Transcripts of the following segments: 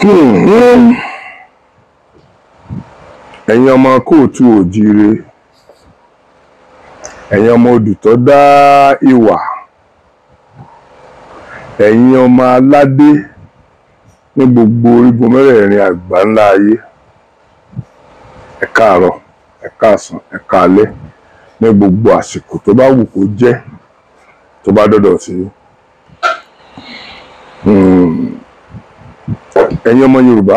Hmm, hmm. ẹ̀yin ọmọ kóòtù òjíire ẹ̀yin ọmọ odù tó dá ìwà ẹ̀yin ọmọ aládé ní gbogbo orígun mẹ́rẹ̀ẹ̀rin àgbà ńlá ayé ẹ káàárọ̀ ẹ káàsán ẹ káalẹ́ ní gbogbo àsìkò tó bá wù kó jẹ́ tó bá dọ́dọ̀ sí i. Hmm. ẹ̀yin ọmọ Yorùbá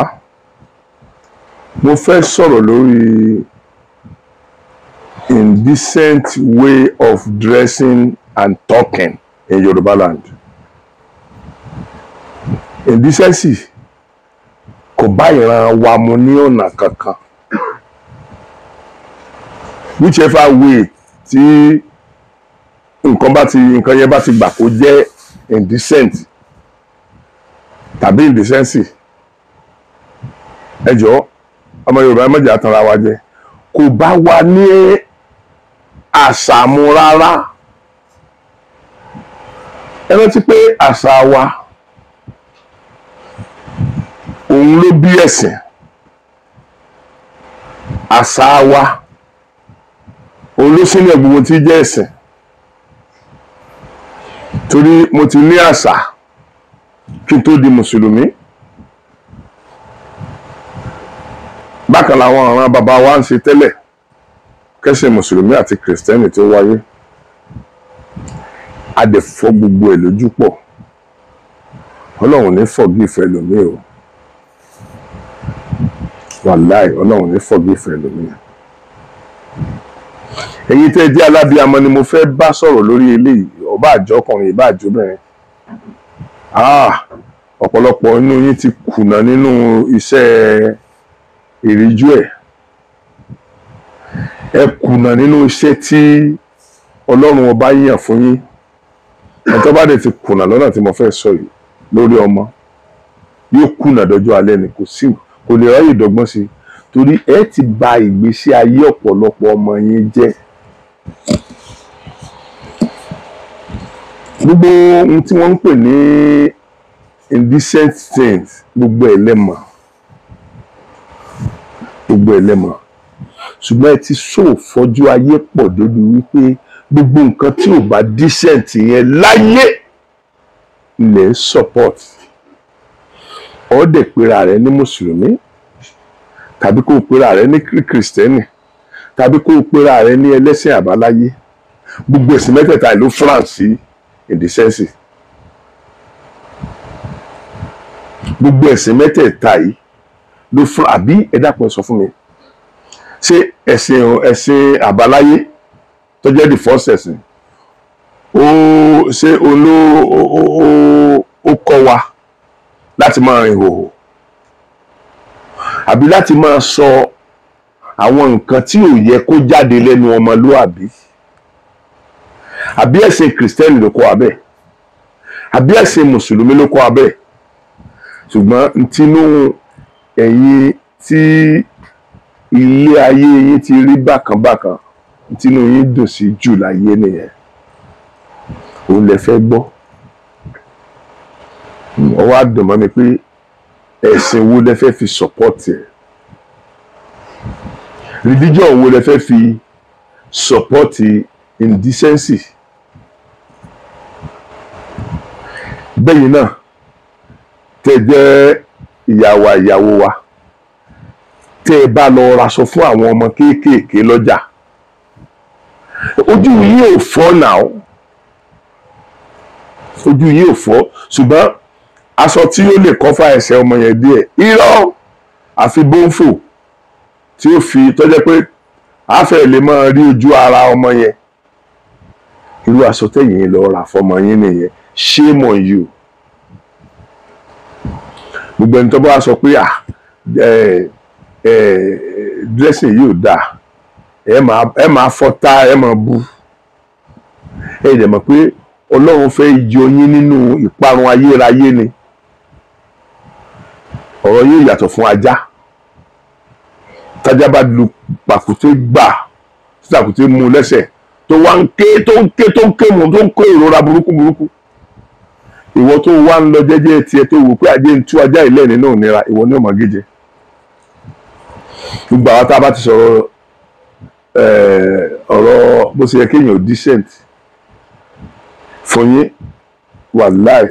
mo fẹ́ sọ̀rọ̀ lórí indecent way of dressing and talking in Yorùbá land indecency kò bá ìran wa mu ní ọ̀nà kankan whichever way tí nǹkan bá ti nǹkan yẹn bá ti gbà kó jẹ́ indecent tàbí ìdísẹ́ǹsì ẹ jọ̀ọ́ ọmọ Yorùbá mẹ́jọ àtàrà wa jẹ kò bá wa ní àṣà mu rárá ẹ rántí pé àṣà wa òun ló bí ẹ̀sìn àṣà wa òun ló sílẹ̀ gbogbo tí jẹ́ ẹ̀sìn torí mo ti ní àṣà kí n tó di mùsùlùmí bákan làwọn ọ̀ràn bàbá wa ń ṣe tẹ́lẹ̀ kẹ́sìn mùsùlùmí àti kìrìsìtẹ́nì tó wáyé adẹ̀fọ́ gbogbo ẹ̀ lójú pọ̀ ọlọ́run ní forgive ẹlòmíì o wàláì ọlọ́run ní forgive ẹlòmíì èyí tẹ́ jẹ́ alábíàmọ́ ni mo fẹ́ bá sọ̀rọ̀ lórí eléyìí ọba àjọkùnrin ìbá àjọbìnrin Ah, ọ̀pọ̀lọpọ̀ inú yín ti kùnà nínú iṣẹ́ ìríjú ẹ̀ ẹ kùnà nínú iṣẹ́ tí ọlọ́run ọba yàn fún yín ẹ tó bá dẹ̀ ti kùnà lọ́nà tí mo fẹ́ sọ yìí lórí ọmọ yóò kùnà dọjọ́ alẹ́ ni kò sí kò lè ráyè dọ́gbọ́n sí torí ẹ ti bà ìgbésí ayé ọ̀pọ̀lọpọ̀ ọmọ yín jẹ́ gbogbo ohun tí wọ́n ń pè ní indecent things gbogbo ẹ̀ lẹ́mọ̀ gbogbo ẹ̀ lẹ́mọ̀ ṣùgbọ́n ẹ ti ṣòfọ́jú ayé pọ̀ débi wípé gbogbo nǹkan tí ò bá decent yẹn láyé lè support ọ̀ọ́dẹ̀ pera rẹ ní mùsùlùmí tàbí kó o pera rẹ ní kìrìsìtẹ́nì tàbí kó o pera rẹ ní ẹlẹ́sìn àbáláyé gbogbo ẹ̀sìn mẹ́tẹ̀ẹ̀ta ìlú France yìí In the senses, gbogbo ẹ̀sìn mẹ́tẹ̀ẹ̀ta yìí ló fún àbí ẹ̀dá kan sọ fún mi ṣé ẹ̀sìn ẹ̀sìn àbáláyé tó jẹ́ the first ẹ̀sìn ó ṣé oló ó kọ́ wa láti máa rìn hòhò àbí láti máa sọ àwọn nǹkan tí ò yẹ kó jáde lẹ́nu ọmọlúàbí. So, àbí ẹ̀sìn kìrìsìtẹ́nì ló kọ́ abẹ́ àbí ẹ̀sìn mùsùlùmí ló kọ́ abẹ́ ṣùgbọ́n tinú ẹ̀yin tí ilé ayé yín ti rí bákanbákan tinú yín dùn sí jù láyé nìyẹn òun lè fẹ́ gbọ́ ó wá dùn mọ́ mi pé ẹ̀sìn wo lẹ fẹ́ fi sọ́pọ́tì ẹ̀ religion wo lẹ fẹ́ fi sọ́pọ́tì indecency. bẹ́yìn náà tẹ́ jẹ́ ìyàwó ìyàwó wa tẹ́ ẹ bá lọ raṣọ fún àwọn ọmọ kéékèèké lọ́jà ojú yìí ò fọ́ náà ojú yìí ò fọ́ ṣùgbọ́n aṣọ tí ó lè kọ́fà ẹsẹ̀ ọmọ yẹn díẹ̀ irọ́ àfi bóńfò tí ó fi tọ́jẹ́ pé àfẹ́ lè máa rí ojú ara ọmọ yẹn irú aṣọ tẹ̀yìn lọ rà fọmọ yín nìyẹn shame on you gbogbo ẹni tó bá sọ pé à ah, dressing yóò dáa ẹ máa ẹ máa fọta ẹ máa bu ẹ dẹ̀ mọ̀ pé ọlọ́run fẹ́ yọ yín nínú ìparun ayérayé ni ọ̀rọ̀ yóò yàtọ̀ fún ajá tájá bá lu pàkúté gbà tí pàkúté mú lẹ́sẹ̀ tó wá ń ké tó ń ké tó ń ké mú tó ń kó ìrora burúkú burúkú ìwọ tó wá ń lọ jẹ́jẹ́ tiẹ̀ tó wò pé ajé ń tú ajá ilé nínú ìnira ìwọ ní ọmọ gíje gbogbo àwọn tá a bá ti sọ̀rọ̀ ọ̀rọ̀ bó ṣe yẹ kéèyàn decent fún yín wàláì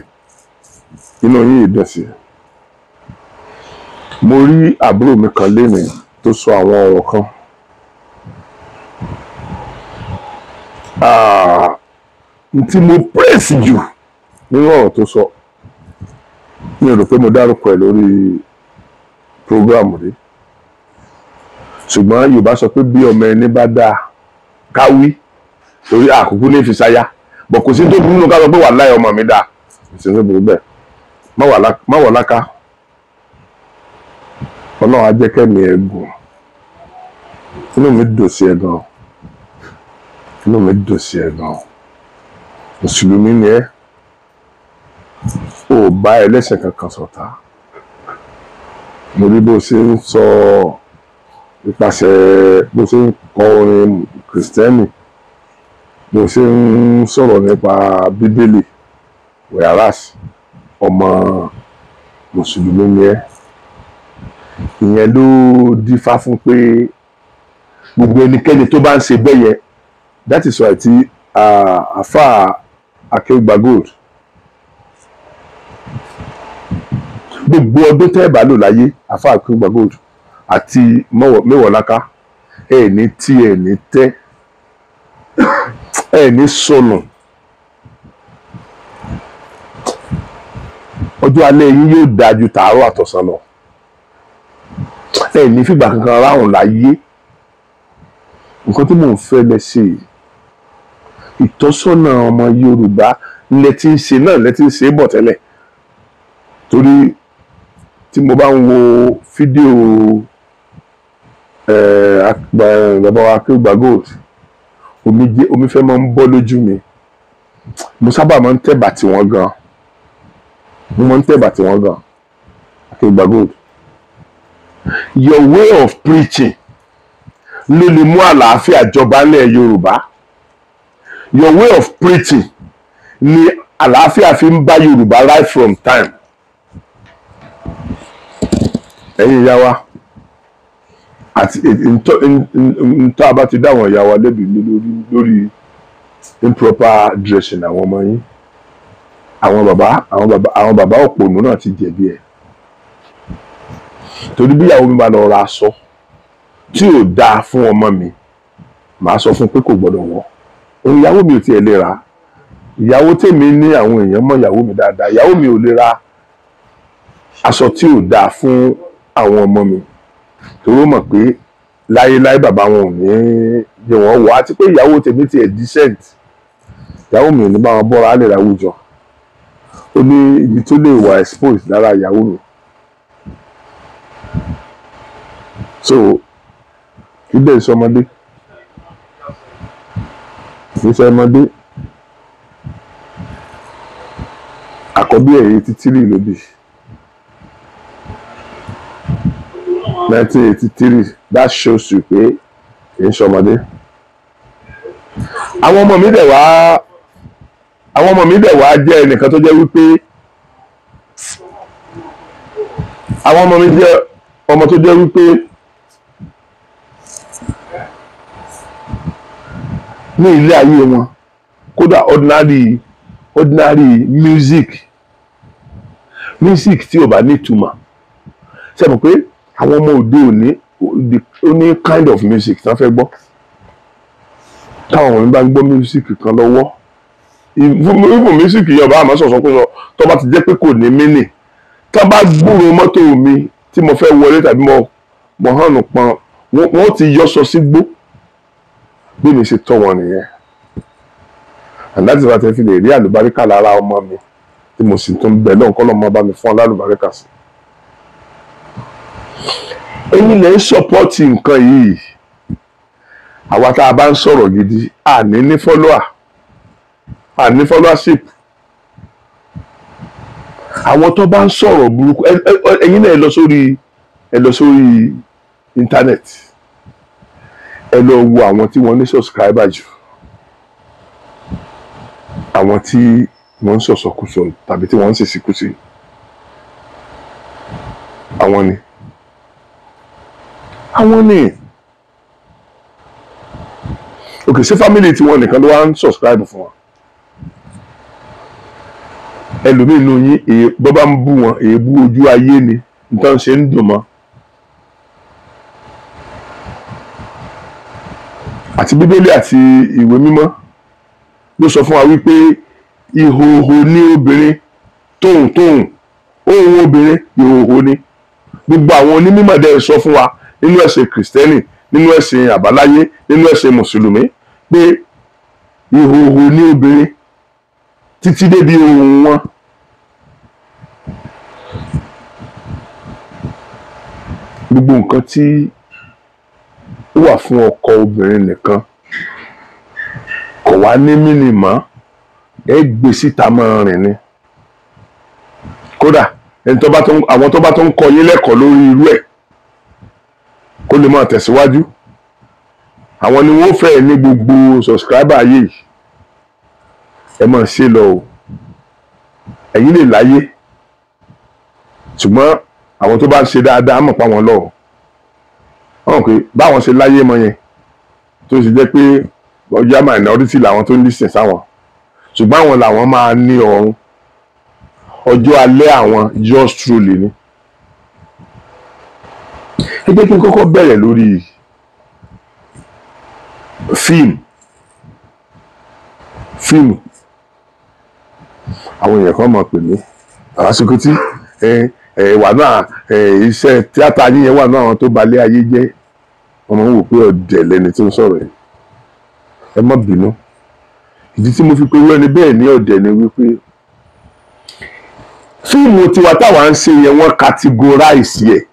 inú yín ìdùn sí mo rí àbúrò mi kan lénìí tó sọ àwọn ọ̀rọ̀ kan ah, n mo praise jù nínú ọ̀rọ̀ tó sọ mi ò rò pé mo dárúkọ ẹ̀ lórí programu rí ṣùgbọ́n yorùbá sọ pé bí ọmọ ẹni bá dáa káwí torí àkókò ní ìfisayá bọ̀ kò sí tó burú nù ká sọ pé wà láyé ọmọ mi dáa ìsinmi burú bẹ́ẹ̀ má wà láká ọlọ́run á jẹ́ kẹ́mi ẹ̀ gùn inú mi dùn sí ẹ gan inú mi dùn sí ẹ gan mùsùlùmí ni ẹ́ ò bá ẹlẹ́sẹ̀ kankan ṣọ̀tá mo rí bó ṣe ń sọ nípasẹ̀ bó ṣe ń kọ orin kìrìsìtẹ́nì bó ṣe ń sọ̀rọ̀ nípa bíbélì wẹ̀rás ọmọ mùsùlùmí ni ẹ́ ìyẹn ló dífá fún pé gbogbo ẹnikẹ́ni tó bá ń ṣe bẹ́yẹn that is why ti àáfàá akéwìgbà gold gbogbo ọdún tẹ́ ẹ̀ bá lò láyé àfa àkúgbà gold àti mẹ́wọ̀láká ẹ̀ ní tí ẹ̀ ní tẹ́ ẹ̀ ní sọnù ọjọ́ alẹ́ yín yóò dáa ju tàárọ̀ àtọ̀sán lọ ẹ̀ ní fìgbà kankan ráhùn láyé nǹkan tí mò ń fẹ́ lẹ ṣe ìtọ́sọ́nà ọmọ Yorùbá lẹ ń ṣe náà lẹ ń ṣe bọ̀ tẹ́lẹ̀ torí tí mo bá ń wo fídíò eh, bàbá wa Akeugba Gold omi fẹ́ máa ń bọ́ lójú mi mo sábà máa ń tẹ̀bà tí wọ́n gan mo máa ń tẹ̀bà tí wọ́n gan Akeugba Gold your way of preaching ló lè mú àlàáfíà jọba nílẹ̀ Yorùbá your way of preaching ni àlàáfíà fi ń bá Yorùbá right from time ẹ̀yin ìyá wa àti ntọ́ abá ti dá àwọn yawa, wa lẹ́bi lórí lórí improper dressing àwọn ọmọ yín àwọn bàbá àwọn bàbá àwọn bàbá òpònú náà ti jẹ̀bi ẹ̀ torí bí ìyàwó mi máa lọ ra aṣọ tí ò dáa fún ọmọ mi màá sọ fún pé kò gbọ́dọ̀ wọ̀ òun ìyàwó mi ò tiẹ̀ lè ra ìyàwó tèmi ní àwọn èèyàn mọ̀ ìyàwó mi dáadáa ìyàwó mi ò lè ra aṣọ tí ò dáa fún àwọn ọmọ mi toró mọ̀ pé láyéláyé bàbá wọn ò ní yẹ wọ́n wọ̀ àti pé ìyàwó tèmi tiẹ̀ decent ìyàwó mi ò ní bá wọn bọ́ra á lè láwùjọ ó ní ibi tó lè wà exposed lára ìyàwó mi so kí dé sọmọdé kì í sọmọdé àkọ́bí ẹ̀yẹ títí rí lóbi. nineteen eighty three that shows you pé kì í ṣọmọdé àwọn ọmọ mi dẹ̀ wá àwọn ọmọ mi dẹ̀ wá jẹ́ ẹnìkan tó jẹ́ wípé àwọn ọmọ mi jẹ́ ọmọ tó jẹ́ wípé ní ilé ayé wọn kódà ordinary ordinary music music tí ò bá nítumọ̀ ṣe mọ̀ pé àwọn ọmọ òde òní the only kind of music tí wọ́n fẹ́ gbọ́ táwọn ọmọ mi bá ń gbọ́ music kan lọ́wọ́ even music yẹn ọba àmọ́ sọ̀sọ́ pé sọ tó bá ti jẹ́ pé kò ní mínì tá bá gbúrò mọ́tò mi tí mo fẹ́ wọlé tàbí mo mo hànú pọn wọ́n ti yọ sọ sí gbó bí mi ṣe tọ́ wọn nìyẹn àdájọ́ I ti fi lè rí àlùbáríkà lára ọmọ mi tí mo sì tún bẹ̀ lọ́nkọ́ lọ́mọ bá mi fún ọ lálùbáríkà sí i ẹ̀yin lẹ ń sọpọ́ọ̀tì nǹkan yìí àwa tá a bá ń sọ̀rọ̀ gidi àní ní fọ́lọ́à àní fọ́lọ́àṣìp àwọn tó bá ń sọ̀rọ̀ burúkú ẹ̀yin náà ẹ lọ sórí ẹ lọ sórí íńtánẹ́ẹ̀tì ẹ lọ wo àwọn tí wọ́n ní subscriber jù àwọn tí wọ́n ń sọ̀sọ̀kùsọ̀ tàbí tí wọ́n ń sèṣìkùsì àwọn ni àwọn ni òkè family. fámìlì tiwọn nìkan ló wá ń subscribe fún wa ẹlòmíì nù yín bọ́ bá ń bú wọn èébú ojú ayé ni nǹkan ṣe ń dùn mọ́ àti bíbélì àti ìwé mímọ́ ló sọ fún wa wípé ìhòòhò ní obìnrin tóhùntóhùn òun obìnrin ìhòòhò ni gbogbo àwọn onímọ̀ dẹ́ sọ fún wa nínú ẹ̀sìn kìrìsìtẹ́nì nínú ẹ̀sìn àbáláyé nínú ẹ̀sìn mùsùlùmí pé ìhòòhò ní obìnrin títí débi ohùn wọn. gbogbo nǹkan tí ó wà fún ọkọ obìnrin nìkan kò wá ní mínìmọ́ ẹ gbé síta máa rìn ni kódà àwọn tó bá tó ń kọ́ yín lẹ́kọ̀ọ́ lórí irú ẹ̀ kó lè máa tẹ̀síwájú àwọn ni wọ́n fẹ́ ní gbogbo subscriber ayé yìí ẹ máa ṣe lọ o ẹ̀yin lè láyé ṣùgbọ́n àwọn tó bá ń ṣe dáadáa mọ̀ pa wọ́n lọ ọ̀hún pé báwọn ṣe láyé mọ yẹn tó sì jẹ́ pé ọjà minority làwọn tó ń lísìn sáwọn ṣùgbọ́n àwọn làwọn máa ní ọ̀run ọjọ́ alẹ́ àwọn yours truly ni ẹ jẹ́ kí n kọ́kọ́ bẹ̀rẹ̀ lórí fíìmù fíìmù àwọn èèyàn kan máa pè mí àsìkò tí wà náà iṣẹ́ tíátà yín yẹn wà náà àwọn tó balẹ̀ ayé jẹ́ wọ́n wò pé ọ̀dẹ̀ lẹni tó ń sọ̀rọ̀ yẹn ẹ má bínú ìdí tí mo fi pe wẹ́ni bẹ́ẹ̀ ní ọ̀dẹ̀ ni wípé fíìmù tiwa táwa ń ṣe yẹn wọ́n categorize yẹn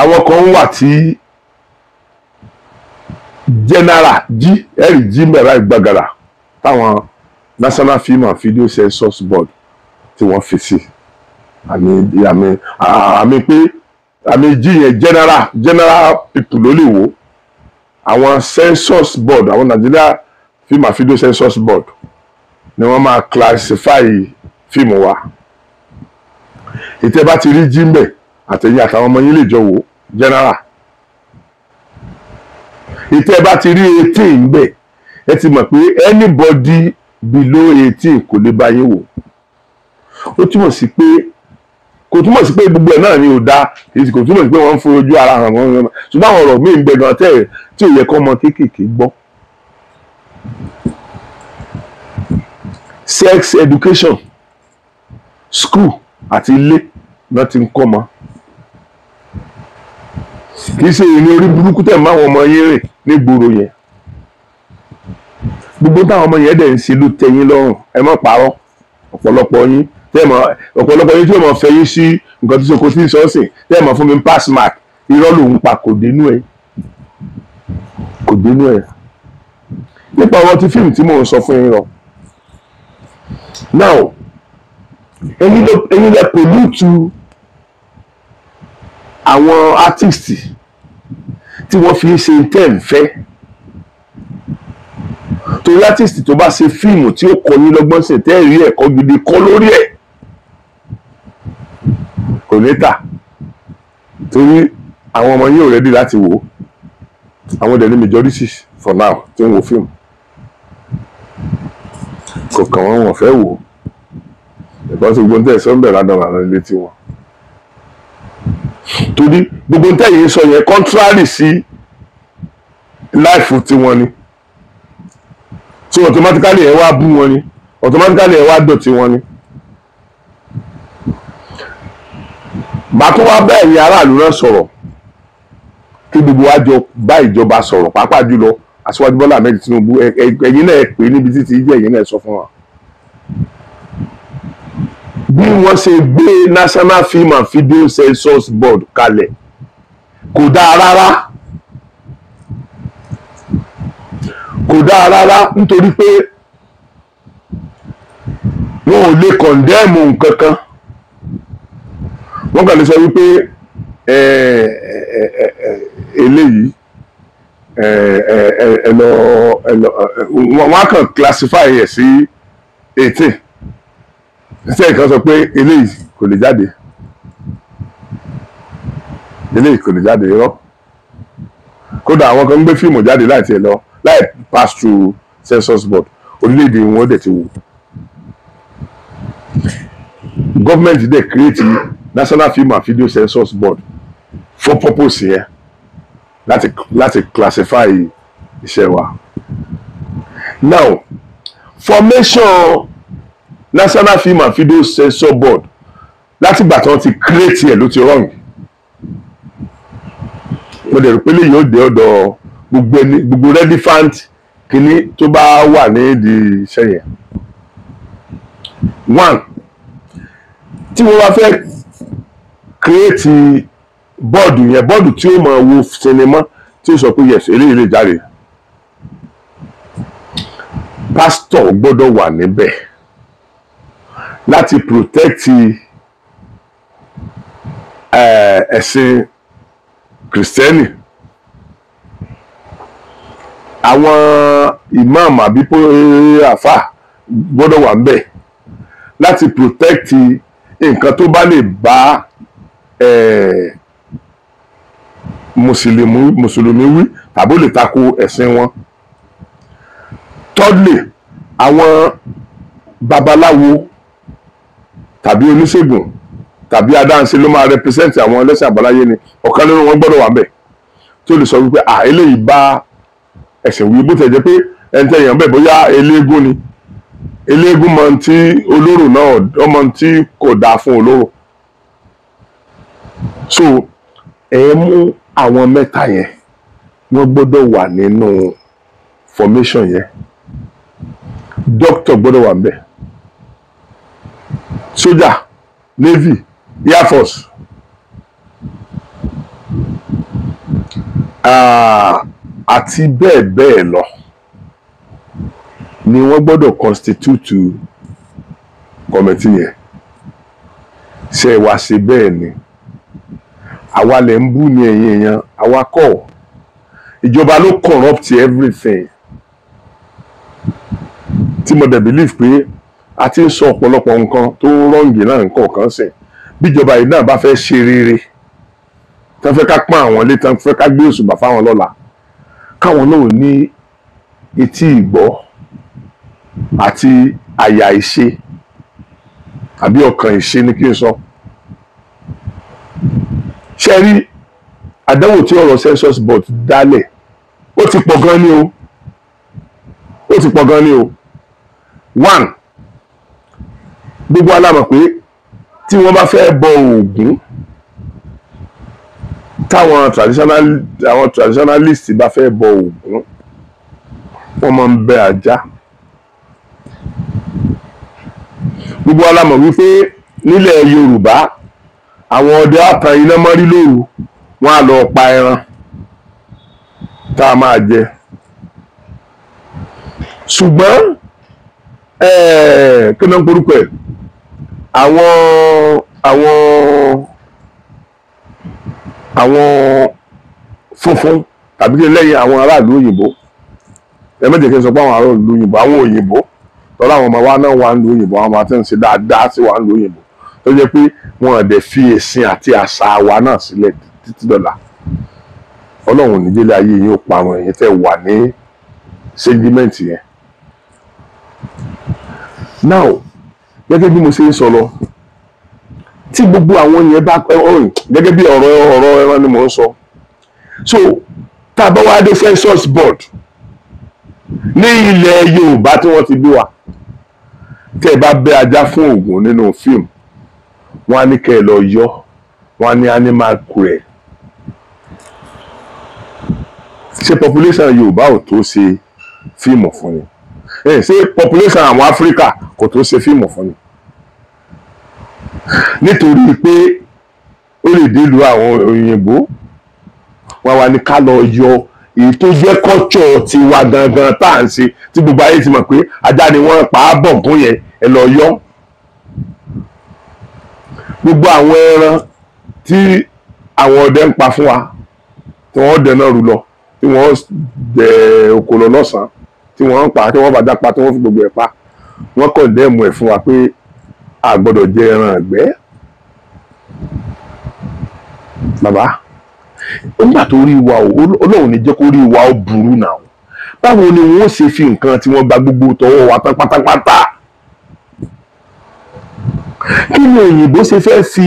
àwọn kan wà tí general g ẹ̀rì g mẹ́ra ìgbàgàrà táwọn national film and video censors board tí wọ́n fi sí àmì àmì àmì pé àmì g yẹn general general people ló lè wò àwọn censors board àwọn Nigeria film and video censors board ni wọ́n máa classify fíìmù wa ìtẹ́ bá ti rí g mẹ́ẹ̀ àtẹ̀yìn àtàwọn ọmọ yín lè jọ wò general ìtẹ́ bá ti rí eighteen bẹ̀ ẹ ti mọ̀ pé anybody below eighteen kò lè bá yín wò ó túmọ̀ sí pé kò túmọ̀ sí pé gbogbo ẹ̀ náà ni ò dáa èsì kò túmọ̀ sí pé wọ́n ń fún ojú ara hàn wọ́n ń ṣùgbọ́n àwọn ọ̀rọ̀ míì ń gbẹ̀dọ̀ àtẹ̀rẹ̀ tí ò yẹ kọ́ ọmọ kéékèèké gbọ́. sex education school àti ilé náà ti ń kọ́ ọmọ kì í ṣe ìrìn orí burúkú tẹ̀ máa wọn ọmọ yín rìn ní gbòòrò yẹn gbogbo táwọn ọmọ yẹn dẹ̀ ń ṣe ló tẹ́ yín lọ́rùn ẹ má parọ́ ọ̀pọ̀lọpọ̀ yín tẹ́ mọ̀ ọ̀pọ̀lọpọ̀ yín tí yóò mọ̀ fẹ́ yín sí nǹkan tó ṣoko sí sọ́ọ̀sì tẹ́ mọ̀ fún mi pass mark irọ́ lòun pa kò dénú ẹ̀ kò dénú ẹ̀ nípa ọ̀rọ̀ ti fíìmù tí mò ń sọ fún yín lọ now ẹ̀yin lẹ pollute àwọn artist tí wọ́n fi ń ṣe tẹ́ ń fẹ́ torí artist tó bá ṣe fíìmù tí ó kọ́ yín lọ́gbọ́n ṣe tẹ́ rí ẹ̀kọ́ gidi kọ́ lórí ẹ̀ kò ní tà torí àwọn ọmọ yín ò rẹ́dí láti wò ó àwọn dẹ̀ majority for now tí ń wo fíìmù kọ̀ọ̀kan wọn wọ́n fẹ́ wò ó ẹ̀kọ́ tó gbóńtẹ̀ sọ́ńbẹ̀ ládàá lànà ilé tiwọn torí gbogbo tẹ̀yìn sọ yẹn contrary sí life tiwọn ni so automatically ẹ wá bú wọn ni automatically ẹ wá dọ̀tí wọn ni. màá tún wá bẹ́ẹ̀ yín aráàlú náà sọ̀rọ̀ kí gbogbo wa jọ bá ìjọba sọ̀rọ̀ pàápàá jùlọ Aṣíwájú Bọ́lá Ahmed Tinubu ẹ̀yin náà pè é níbi títí jẹ́ ẹ̀yin náà sọ fún wa bí wọ́n ṣe gbé national film and video census board kalẹ̀ kò dáa rárá kò dáa rárá nítorí pé wọn ò lè kọ̀ndẹ́ẹ̀mù nǹkan kan wọ́n kàn lè sọ wípé eléyìí ẹ lọ ẹ kàn classify ẹ̀ sí eighteen iṣẹ́ kan sọ pé eléyìí kò lè jáde eléyìí kò lè jáde irọ́ kódà àwọn kan ń gbé fíìmù jáde láì tiẹ̀ lọ láì pass through census board orílẹ̀-èdè wọn dẹ̀ ti wò gọ́ọ̀mẹ̀ntì dẹ̀ create national film and video census board for purpose yẹn láti láti classify iṣẹ́ wa now formation national film and video censor board látìgbà tí wọ́n ti create ẹ̀ ló ti wrong mo dẹ̀ rò pé lè yóò dé ọ̀dọ̀ gbogbo relevant kínní tó bá wà ní ìdí iṣẹ́ yẹn one tí mo bá fẹ́ create bọ́ọ̀dù yẹn bọ́ọ̀dù tí ó mọ̀ wo sinimá tí ó sọ pé yes eléyìí lè jáde pásítọ̀ gbọ́dọ̀ wà níbẹ̀ láti protect eh, ẹ̀sìn kìrìsìtẹ́nì àwọn imam àbí àfà gbọ́dọ̀ wà ń bẹ̀ láti protect nǹkan tó bá lè bá eh, mùsùlùmí wí tàbí ó lè tako ẹ̀sìn wọn thirdly àwọn babaláwo tàbí oníṣègùn tàbí adáhunṣe ló máa represent àwọn ẹlẹ́sìn àbáláyé ni ọ̀kan nínú wọn gbọ́dọ̀ wà bẹ̀ tí ó lè sọ wípé à eléyìí bá ẹ̀sìn wí bó tẹ̀ jẹ́ pé ẹ̀ńtẹ́ èèyàn bẹ̀ bóyá eléégún ni eléégún mọ tí olóró náà ọmọ tí kò dáa fún olóró so ẹ mú àwọn mẹ́ta yẹn wọ́n gbọ́dọ̀ wà nínú formation yẹn doctor gbọ́dọ̀ wà bẹ́ẹ̀ sójà navy air force ah, àti bẹ́ẹ̀ bẹ́ẹ̀ lọ ni wọ́n gbọ́dọ̀ constitute kọ́mẹ̀tì yẹn ṣe wá ṣe bẹ́ẹ̀ ni àwa lẹ̀ ń bú ni ẹ̀yin èèyàn àwa kọ́ ìjọba ló corrupt everything tí mo dẹ̀ believe pé a ti ń sọ ọ̀pọ̀lọpọ̀ nǹkan tó rọ́ǹgì náà nǹkan kan sìn bíjọba yìí náà bá fẹ́ ṣe rere tán fẹ́ ká pọ́n àwọn lé tán fẹ́ ká gbé òṣùbà fáwọn lọ́la káwọn náà ní etí ìgbọ́ àti àyà ìṣe àbí ọkàn ìṣe ni kí n sọ ṣe rí àdánwò tí ọ̀rọ̀ census board dálẹ̀ ó ti pọ̀ gan ni o ó ti pọ̀ gan ni o one gbogbo alámọ̀ pé tí wọ́n bá fẹ́ bọ Ògún táwọn traditional àwọn traditionalist bá fẹ́ bọ Ògún wọ́n máa ń bẹ ajá gbogbo alámọ̀ wípé nílẹ̀ Yorùbá àwọn ọdẹ àtàn iná mọ́rí lóru wọ́n á lọ pa ẹran tá a máa jẹ ṣùgbọ́n kí ló ń porúkọ ẹ̀ àwọn àwọn àwọn funfun tàbí kí lẹ́yìn àwọn aráàlú òyìnbó ẹ méjì kí n sọ pé àwọn aráàlú òyìnbó àwọn òyìnbó tọ́lá àwọn ọmọ wa náà wà ń lu òyìnbó àwọn ọmọ tí ń ṣe dáadáa sí wà ń lu òyìnbó tó jẹ́ pé wọn ò dẹ̀ fi ẹ̀sìn àti àṣà wa náà sílẹ̀ títí dọ̀là ọlọ́run nídélé ayé yóò pa àwọn èèyàn tẹ́ wà ní sẹ́gímẹ́ǹtì yẹn now gẹ́gẹ́ bí mo ṣe ń sọ lọ tí gbogbo àwọn yẹn bá ọrìn gẹ́gẹ́ bí ọ̀rọ̀ ọ̀rọ̀ ẹran ni mò ń sọ so tá a bá wá dé fẹ́ church board ní ilẹ̀ Yorùbá tí wọ́n ti bí wa tẹ́ ẹ bá bẹ́ ajá fún oògùn nínú fíìmù wọ́n á ní kẹ́ ẹ lọ yọ wọ́n á ní animal cure ṣe population Yorùbá ò tó ṣe fíìmù fún yín ẹ eh, ṣe population àwọn Áfíríkà kò tó ṣe fíìmù fún ni nítorí pé ó lè dé lu àwọn òyìnbó wọn wá ní ká lọ yọ èyí tó jẹ́ kọ́tsọ̀ tiwa gangan tá à ń ṣe tí gbogbo ayé ti mọ̀ pé ajá ni wọ́n pa á bọ̀ fún yẹn ẹ lọ yọ gbogbo àwọn ẹran tí àwọn ọdẹ ń pa fún wa tí wọ́n dẹ náà rú lọ tí wọ́n dẹ òkòlò lọ́sàn-án tí wọ́n ń pa tí wọ́n bá dá pa tí wọ́n fi gbogbo ẹ̀ pa wọ́n kọ̀ dẹ́mu ẹ̀ fún wa pé a gbọ́dọ̀ jẹ ẹran àgbẹ̀ bàbá nígbà tó rí wa o Ọlọ́run ní jẹ́ kó rí wa ó burú náà báwo ni wọ́n ṣe fi nǹkan tí wọ́n gba gbogbo tọwọ́ wa tán pátápátá kí ni òyìnbó ṣe fẹ́ fi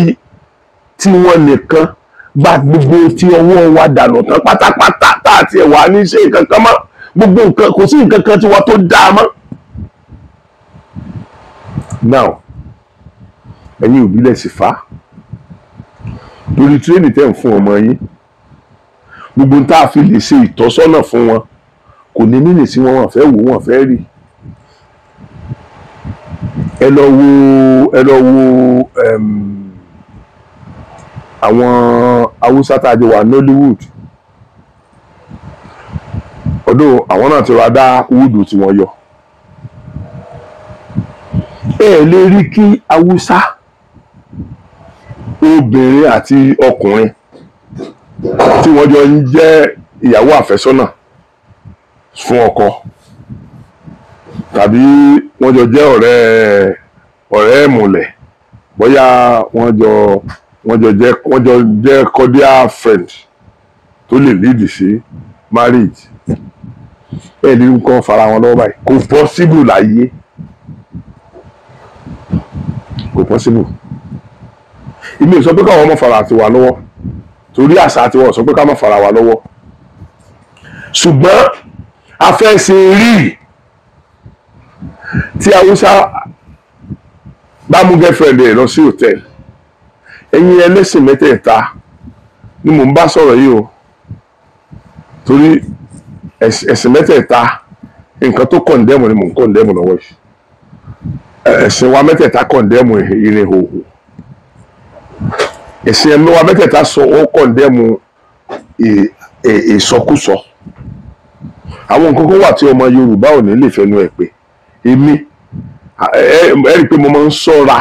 tí wọ́n nìkan gba gbogbo tí ọwọ́ wa dànù tán pátápátá tá àti ẹ̀wà ní ṣe nǹkan kan mọ́ gbogbo nǹkan kò sí nǹkan kan tiwa tó dáa mọ́. now ẹ̀yin òbí lẹ̀ sì fà á lórí tírẹ́nì tẹ́ ń fún ọmọ yín gbogbo tá a fi lè ṣe ìtọ́sọ́nà fún wọn kò ní mílì sí wọn wọn fẹ́ wò wọn fẹ́ rí ẹ lọ wo ẹ lọ wo àwọn haúsá tá a jọ wà Nollywood ọdún àwọn náà ti ra dá wúdù tí wọ́n yọ ẹ lè rí kí haúsá obìnrin àti ọkùnrin tí wọ́n jọ ń jẹ́ ìyàwó àfẹ́sọ́nà fún ọkọ tàbí wọ́n jọ jẹ́ ọ̀rẹ́ ọrẹ ìmùlẹ̀ bóyá wọ́n jọ jọ jẹ́ wọ́n jọ cordial friend tó lè lead sí marriage ẹ̀ ní nǹkan fara wọn lọ́wọ́ báyìí kò pọ́síbù láyé kò pọ́síbù èmi ò sọ pé káwọn ọmọ fara àti wà lọ́wọ́ torí àṣà àti wọn ò sọ pé ká má fara wà lọ́wọ́ ṣùgbọ́n a fẹ́ ṣe rí tí haúsá bá mú girlfriend rẹ̀ lọ sí hòtẹ́ẹ̀lì ẹ̀yin ẹlẹ́sìn mẹ́tẹ̀ẹ̀ta ni mò ń bá sọ̀rọ̀ yìí o torí ẹ̀sìn mẹ́tẹ̀ẹ̀ta nǹkan tó kọ̀ǹdẹ́mù ni mò ń kọ̀ǹdẹ́mù lọ́wọ́ yìí ẹ̀sìn wa mẹ́tẹ̀ẹ̀ta kọ̀ǹdẹ́mù ìrìn hòhò ẹ̀sìn ẹ̀mí wa mẹ́tẹ̀ẹ̀ta sọ ó kọ̀ǹdẹ́mù ìsọkúsọ àwọn nǹkan kan wà tí ọmọ Yorùbá ò ní lè fẹnu ẹ̀ pé èmi ẹ rí i pé mo máa ń sọ́ra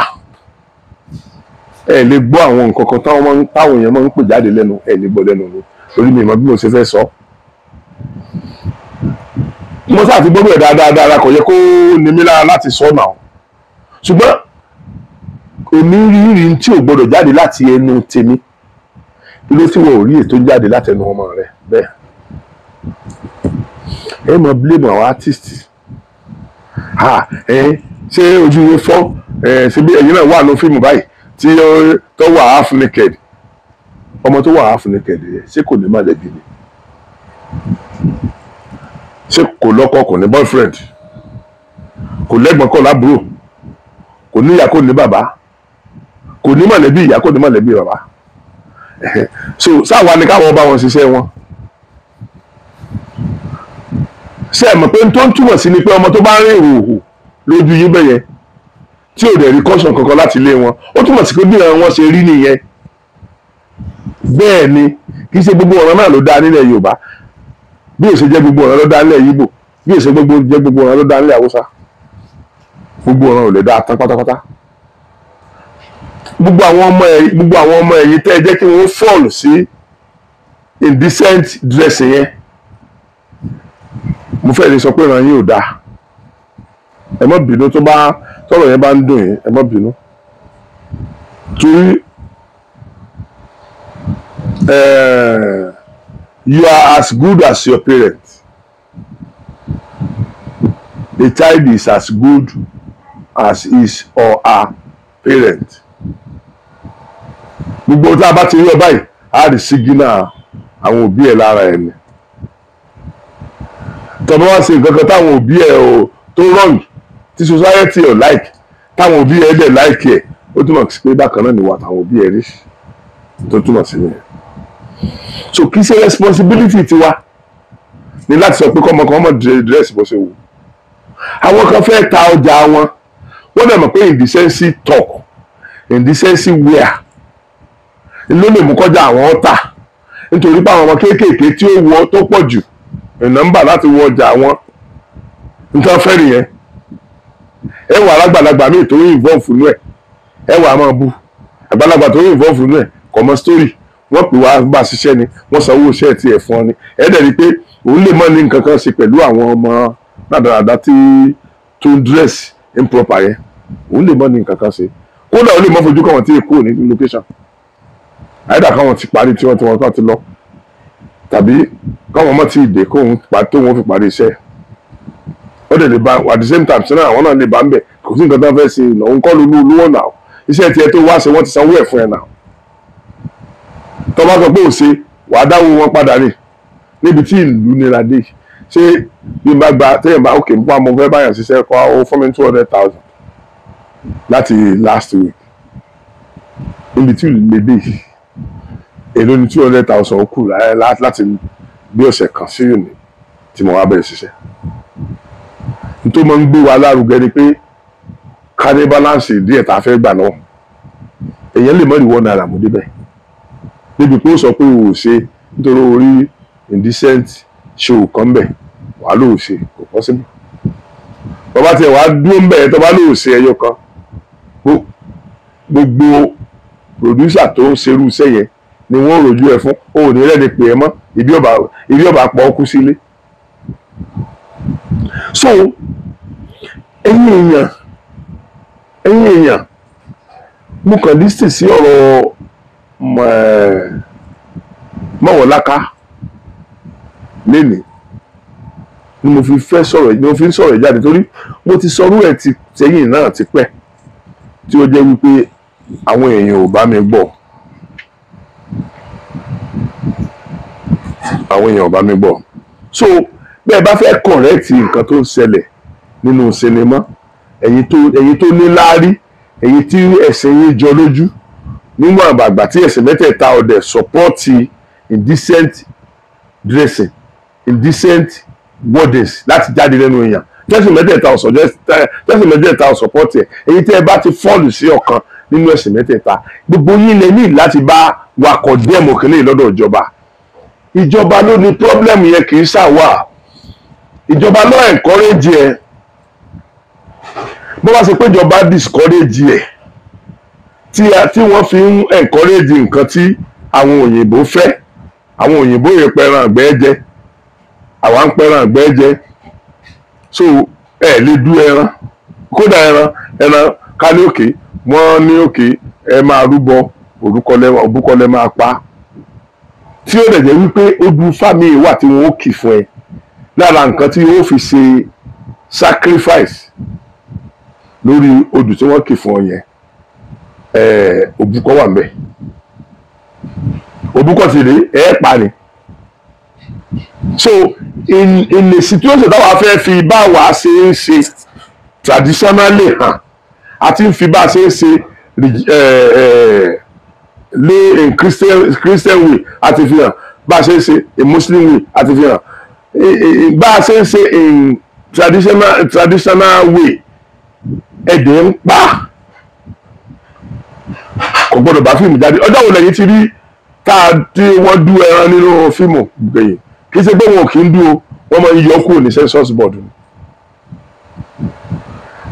ẹ lè gbọ́ àwọn nǹkan kan táwọn èèyàn máa ń pè jáde lẹ́nu ẹ lè gbọ́ lẹ́nu mi orí mi ìmọ̀ bí mo ṣe fẹ́ sọ ọ́ mo sáà ti gbogbo ẹ̀ dáadáa kò yẹ kó ní mi lára láti sọ ọ̀nà o ṣùgbọ́n onírìírí tí ò gbọdọ̀ jáde láti ẹnu tèmi ló tí wọn ò rí ètò jáde láti ẹnu ọmọ rẹ bẹ́ẹ̀ ẹ mọ blame àwọn artist ṣé ojú wo fọ́ ṣebí ẹ̀yin náà wà ní fíìmù báyìí tí tó wà half naked ọmọ tó wà half naked ṣé kò ní má lẹ́bi ni ṣé kò lọ́kọ kò ní boyfriend kò lẹ́gbọ̀n kò lábúrò kò ní ìyá kò ní bàbá kò ní mọ̀lẹ́bí ìyá kò ní mọ̀lẹ́bí bàbá so sáwa ni káwọn bá wọn ṣiṣẹ́ wọn ṣe é mọ̀ pé tó ń túmọ̀ sí ni pé ọmọ tó bá ń rìn ìhòòhò lójú yín bẹ́yẹn tí ò dẹ̀ rí kọ́sàn kankan láti ilé wọn ó túmọ̀ sí pé bí ìran wọn ṣe rí nìyẹn bẹ́ẹ̀ ni kì í ṣe gbogbo ọ̀ràn náà ló dáa nílẹ̀ Yorùbá bí èsè jẹ́ gbogbo ọ̀ràn ló dá nílẹ̀ yíbò bí èsè gbogbo jẹ́ gbogbo ọ̀ràn ló dá nílẹ̀ haúsá gbogbo ọ̀ràn ò lè dá tán pátápátá gbogbo àwọn ọmọ ẹ̀yìn gbogbo àwọn ọmọ ẹ̀yìn tẹ́ ẹ jẹ́ kí wọ́n fọ́ọ̀lù sí indecent dressing yẹn mo fẹ́ lè sọ pé ìran yín ò dáa ẹ má bínú tó bá tọ́rọ̀ yẹn bá ń dùn yín ẹ má bínú torí ẹ̀ẹ́ you are as good as your parents the child is as good as his or her parent gbogbo tá a bá ti rí ọ báyìí a rí sígínà àwọn òbí ẹ lára ẹni tọ́mọ wá sí nǹkan kan táwọn òbí ẹ o tó wrong tí society ò like táwọn òbí ẹ dẹ̀ like ẹ ó túmọ̀ sí pé bákan náà ni wà táwọn òbí ẹ rí tó túmọ̀ sí nìyẹn so kì í ṣe responsibility tiwa ni láti sọ pé kọ́mọ kan mọ̀ dírẹ́sì bó ṣe wù àwọn kan fẹ́ ta ọjà wọn wọ́n dẹ̀ mọ̀ pé indecency talk indecency wear ló lè mú kọjá àwọn ọ̀tà nítorí pé àwọn ọmọ kéékèèké tí ó wọ tó pọ̀ jù nọ́mbà láti wọ ọjà wọn nítorí fẹ́ nìyẹn ẹ wà alágbàlagbà míì tó ń involve nú ẹ ẹ wà á máa bu àgbàlagbà tó ń involve nú ẹ kọ̀mọ́ story wọ́n pè wá bá ṣiṣẹ́ ni wọ́n sanwó iṣẹ́ ti ẹ̀ fún ọ ni ẹ̀ẹ́dẹ̀ ni pé òun lè mọ́ ní nǹkan kan ṣe pẹ̀lú àwọn ọmọ rádaràda tí tó ń dress improper yẹn òun lè mọ́ ní nǹkan kan ṣe kódà òun lè mọ́ fojú kàn wọ́n tí èkó ní location àyẹ̀dà kan wọ́n ti parí tiwọn tiwọn tó ti lọ tàbí káwọn ọmọ ti dè kóun tóun fi parí iṣẹ́ ó dẹ̀ lè ba at the same time sinna àwọn náà lè bá ń bẹ̀ kò sí nǹkan tó fẹ́ ṣe ìnáwó ń kọ́ lu olúwọ̀n náà iṣẹ́ tiẹ̀ tó wá ṣe wọ́n ti sanwó ẹ̀ fún ẹ̀ náà tó bá sọ pé ò ṣe wàá dáwó wọn padà ni níbi tí ìlú nira dé ṣé bí n bá gba téèyàn bá òkè nípa mo fẹ́ báyàn ṣiṣẹ́ kọ́ ó fún mi two hundred thousand láti last week níbi tí ìlú lè dé èló ni two hundred thousand kù láti bí ọ̀sẹ̀ kan sí òní tí mo wá bẹ̀rẹ̀ ṣiṣẹ́ tó máa ń gbé wa lárugẹ ni pé ká ní balance díẹ̀ tá a fẹ́ gbà náà èèyàn lè mọ̀ ìwọ náírà mú débẹ̀ débi pé ó sọ pé o ò ṣe nítorí orí indecent show kan bẹ̀ wàá lò ó ṣe kò possible tọba tiẹ̀ wàá dúró ń bẹ̀rẹ̀ tọba lò ó ṣe ẹyọ kan gbogbo producer tó ń ṣerú iṣẹ́ yẹn ni wọ́n rojú ẹ fún o ò ní rẹ́ni pè é mọ́ ibi ọba pọ̀ ọkú sílé. so ẹ̀yin èèyàn ẹ̀yin èèyàn mo kàn dísítì sí ọ̀rọ̀ mm, mọ̀wọ́ láká lénìí ni mo fi fẹ́ sọ̀rọ̀ ni mo fi ń sọ̀rọ̀ jáde torí mo ti sọrú ẹ̀ ti sẹ́yìn náà ti pẹ́ tí ó jẹ́ wípé àwọn èèyàn ò bá mi gbọ́ àwọn èèyàn ò bá mi gbọ́ so bẹ́ẹ̀ bá fẹ́ kọ̀rẹ́ẹ̀tì nǹkan tó ń ṣẹlẹ̀ nínú sinimá ẹ̀yin tó ẹ̀yin tó ní láárí ẹ̀yin tí ẹ̀sìn yín jọ lójú níwọ̀n àgbàgbà tí ẹ̀sìn mẹ́tẹ̀ẹ̀ta ọ̀dẹ̀ sọ́pọ́ọ̀tì In decent dressing in indecent wordings láti jáde lẹ́nu èèyàn tẹ́sán mẹ́tẹ̀ẹ̀ta ọ̀sọ̀ tẹ́sán mẹ́tẹ̀ẹ̀ta ọ̀sọ̀ pọ́ọ̀tì ẹ̀ èyí tẹ́ ẹ bá ti fọ́ọ̀lù sí ọ̀kan nínú ẹ̀sìn mẹ́tẹ̀ẹ̀ta gbogbo yín lè ní láti bá wakọ̀ dẹ́ẹ̀mù kìnìún lọ́dọ̀ ìjọba ìjọba ló ní pírọ́blẹ́mù yẹn kì í ṣàwà ìjọba ló ẹ̀ńkọ́rẹ́jì ẹ̀ bó bá ṣe pé ìjọba discourage ẹ̀ tí wọ́n fi ń ẹ̀ńkọ́rẹ́jì nǹkan tí àwọn òyìnbó fẹ́ àwọn òyìnbó yẹn pẹran àgbẹ̀ jẹ àwa ń pẹran àgbẹ̀ jẹ so ẹ lè du ẹran kódà ẹran ẹran ká ní òkè wọ́n ní òkè ẹ máa rúbọ òbúkọ lẹ máa pa tí ó dẹ̀ jẹ́ wípé ó du fámìlì wà tí wọ́n ó kì fún ẹ lára nǹkan tí ó fi ṣe sacrifice lórí odù tí wọ́n kì fún ọ yẹn òbúkọ wà ń òbúkọ̀sílẹ̀ ẹ̀ pa ni. so in in the situation táwa fẹ́ fi bá wa ṣe é ṣe traditionally hàn àti fi bá a ṣe é ṣe eh, eh, lé in Christian Christian way àti fi hàn bá a ṣe é ṣe in Muslim way àti fi hàn eh, bá a ṣe ń ṣe in traditional traditional way ẹ̀dẹ̀ ń pa kò gbọ́dọ̀ bá fíìmù jáde ọjọ́ wo lẹ́yìn ti rí tá a tí wọ́n dú ẹran nínú fíìmù gbẹ̀yìn kì í ṣe pé wọn ò kì í dú o wọ́n máa ń yọ kúrò ní census board ni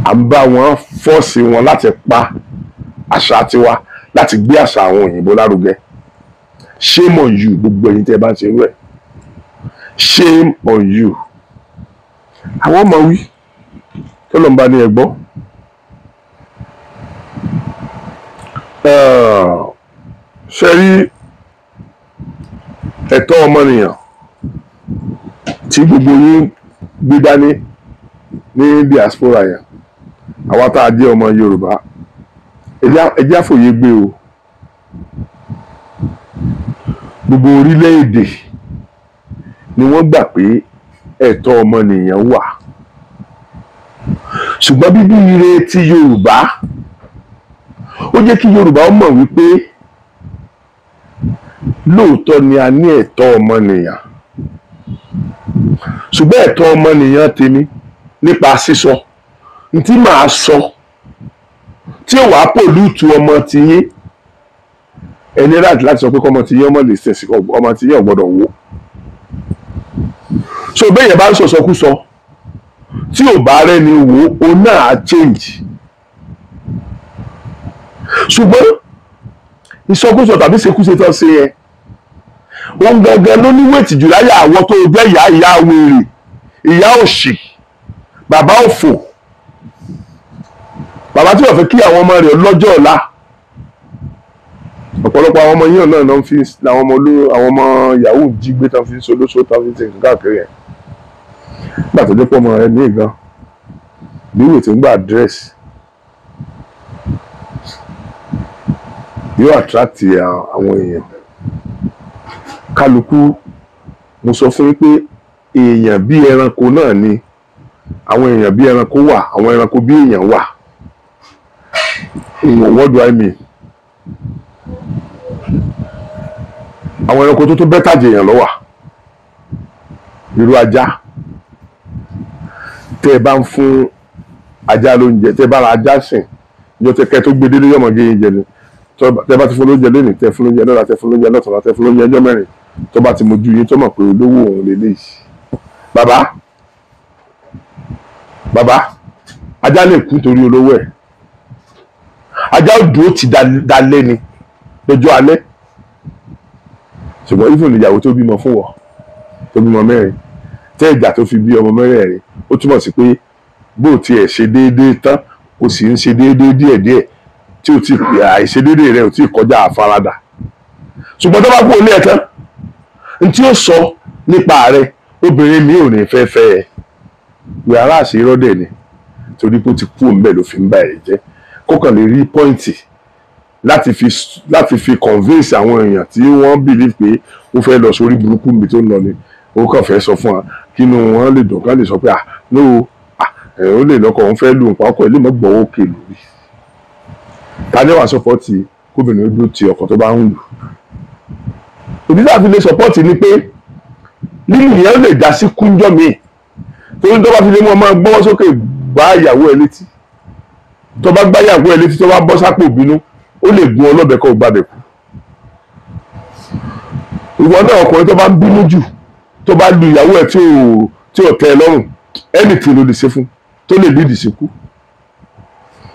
à ń bá wọn fọ́ọ̀sì wọn láti pa àṣà tiwa láti gbé àṣà àwọn òyìnbó lárugẹ shame on you gbogbo ẹ̀yin tẹ́ bá ń ṣe irú ẹ̀ shame on you àwọn ọmọ wí tó ló ń bá ní ẹ gbọ́ ṣe rí ẹ̀tọ́ ọmọnìyàn tí gbogbo yín gbé dání ní diaspora yẹn àwa tá a jẹ́ ọmọ Yorùbá ẹjẹ́ àfòyé gbé o gbogbo orílẹ̀-èdè ni wọ́n gbà pé ẹ̀tọ́ ọmọnìyàn wà ṣùgbọ́n bíbí ire ti Yorùbá ó jẹ́ kí Yorùbá mọ̀ wípé lóòótọ́ ni a ní ẹ̀tọ́ ọmọnìyàn ṣùgbọ́n ẹ̀tọ́ ọmọnìyàn tèmi nípa sísọ ntí màá sọ tí ò wá pòlúùtù ọmọ tìyín ẹni ráàdì láti sọ pé kọ́mọ tìyín ọmọ lè sẹ̀sì ọmọ tìyín ọ̀gbọ́dọ̀ wò so béèyàn bá ń sọ̀sọkúsọ tí ò bá rẹ́ni wò ó náà á change ṣùgbọ́n ìsọkúsọ tàbí ṣekúṣe tó ṣe yẹn wọn gangan ló ní wéètì jù láyà àwọn tó jẹ́ ìyá ìyá wèrè ìyá òṣì bàbá òfò bàbá tí wọ́n fẹ́ kí àwọn ọmọ rẹ̀ lọ́jọ́ ọ̀la ọ̀pọ̀lọpọ̀ àwọn ọmọ yíyan náà náà fi làwọn ọmọ olóró àwọn ọmọ yahoo jí gbé tán fi ń solóso tán fi ń tẹ̀sí káàkiri ẹ̀ nígbà tó dé pọ̀ ọmọ rẹ̀ ní ìgan níwèé tí ń gba àdírẹ́sì yóò attract àwọn èèyàn kálukú mo sọ fún yín pé èèyàn bí ẹranko náà ni àwọn èèyàn bí ẹranko wà àwọn ẹranko bí èèyàn wà what do I mean àwọn ẹranko tó tó bẹ́tà jèèyàn lọ́wà irú ajá tẹ́ ẹ bá ń fún ajá lóúnjẹ tẹ́ ẹ bá ra ajá sìn yóò tẹ kẹ́ tó gbé délé yọmọ gé yín jẹ ni tẹ́ bá ti fún lóúnjẹ lónìí tẹ́ fún lóúnjẹ lọ́la tẹ́ fún fún lóúnjẹ ọjọ́ mẹ́rin tó bá ti mojú yín tó mọ̀ pé olówó òun lélẹ́yìí bàbá bàbá ajá lè kú torí olówó ẹ̀ ajá òdùó ti dalẹ́ ni lọ́jọ́ alẹ́ ṣùgbọ́n ifo nìyàwó tó bímọ fún wọ tó bímọ mẹ́rin tẹ́ ìjà tó fi bí ọmọ mẹ́rẹ̀ẹ̀rin ó túmọ̀ sí pé bó tiẹ̀ ṣe déédéé tán o sì ń ṣe déédéé díẹ̀díẹ̀ tí o ti àìṣedéédéé rẹ o ti kọjá àfaradà ṣùgbọ́n tó bá kú ilé ẹ̀ tán n tí ó sọ nípa rẹ obìnrin mi ò ní fẹ́ fẹ́ ẹ wíwárà sí irọ́dẹ̀ ni torí pé ó ti kú òun bẹ́ẹ̀ ló fi ń bá ẹ̀ jẹ́ kókàn lè rí pọ́ìntì láti fi láti fi convince àwọn èèyàn tí wọ́n believe pé ó fẹ́ lọ sórí burúkú mi tó ń lọ ni ó kàn fẹ́ sọ fún wa kí inú wọn lè dùn ká lè sọ pé ah no ah ẹ̀ ó lè lọ́kọ̀ òun fẹ́ lù ń pàápàá ẹ̀ lè mọ́ gbọ́wọ́ òkè lórí ta ni wàá sọ fọ́ ti kóbìnrin ó dúró ti ọkọ̀ tó bá ń lù ìdí tá a fi lè support ni pé lílù yẹn lè dá sí kúnjọ́ míì torí tó bá fi lè mú ọmọ gbọ́wọ́ sókè gbá ìyàwó ẹ létí tó bá gbá ìyàwó ẹ létí tó bá bọ́ sápò bínú ó lè gun ọlọ́bẹ kọ́ gbàbẹ̀ kú ìwọ náà ọkùnrin tó bá ń bínú jù tó bá lu ìyàwó ẹ tí ò tẹ́ ẹ lọ́rùn anything ló lè ṣe fún tó lè bí ìdìsíkú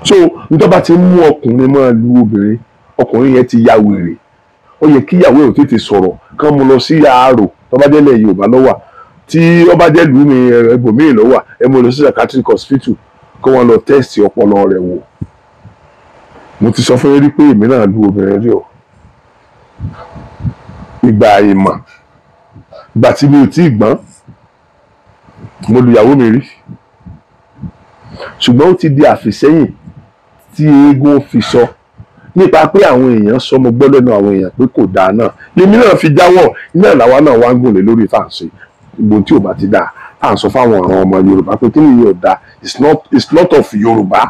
so nítorí bá ti mú ọkùnrin máa lu obìnrin ọkùnrin yẹn ti ya wèrè ó yẹ kíyàwó ẹ̀ ò tètè sọ̀rọ̀ kán mo lọ sí àárò tó bá jẹ́lẹ̀ Yorùbá lọ́wà tí ó bá jẹ́ lù mí ẹbòmíì lọ́wà ẹ mo lọ sí psychiatric hospital kó wọn lọ tẹ́sì ọpọlọ rẹ̀ wò mo ti sọ fún yín rí pé èmi náà lu obìnrin rí o ìgbà ìmọ̀ ìgbà tí mi ò tí ì gbọ́n mo lu ìyàwó mi rí ṣùgbọ́n ó ti di àfìsẹ́yìn tí eégún fi sọ nípa pé àwọn èèyàn sọ mo gbọ́ àwọn èèyàn pé kò dáa náà lèmi náà fi jáwọ́ iná làwa náà wá ń gùn lé lórí fàǹsì ìgbò tí ò bá ti dáa à ń sọ fáwọn ọ̀ràn ọmọ Yorùbá pé kí nìyí ò dáa it's not it's not of Yorùbá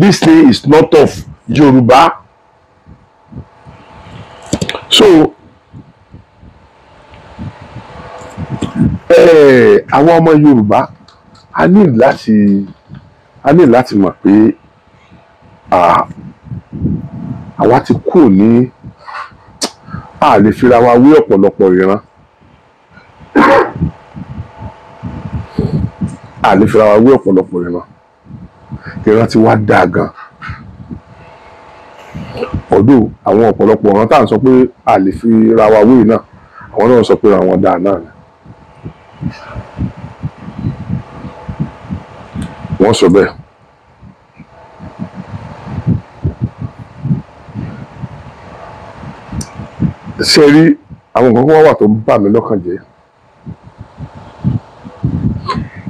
this thing is not of Yorùbá so eh, àwọn ọmọ Yorùbá a ní láti a ní láti mọ̀ pé àwa ti kúrò ní a lè fira wa wé ọ̀pọ̀lọpọ̀ ìran a lè fira wa wé ọ̀pọ̀lọpọ̀ ìran ìran ti wá dáa gan ọdún àwọn ọ̀pọ̀lọpọ̀ ọ̀ràn tá à ń sọ pé a lè fi ra wa wé náà àwọn náà sọ pé àwọn dáa náà ni wọ́n sọ bẹ́ẹ̀. ṣe rí àwọn nǹkan kan wà tó ń bà mí lọ́kàn jẹ́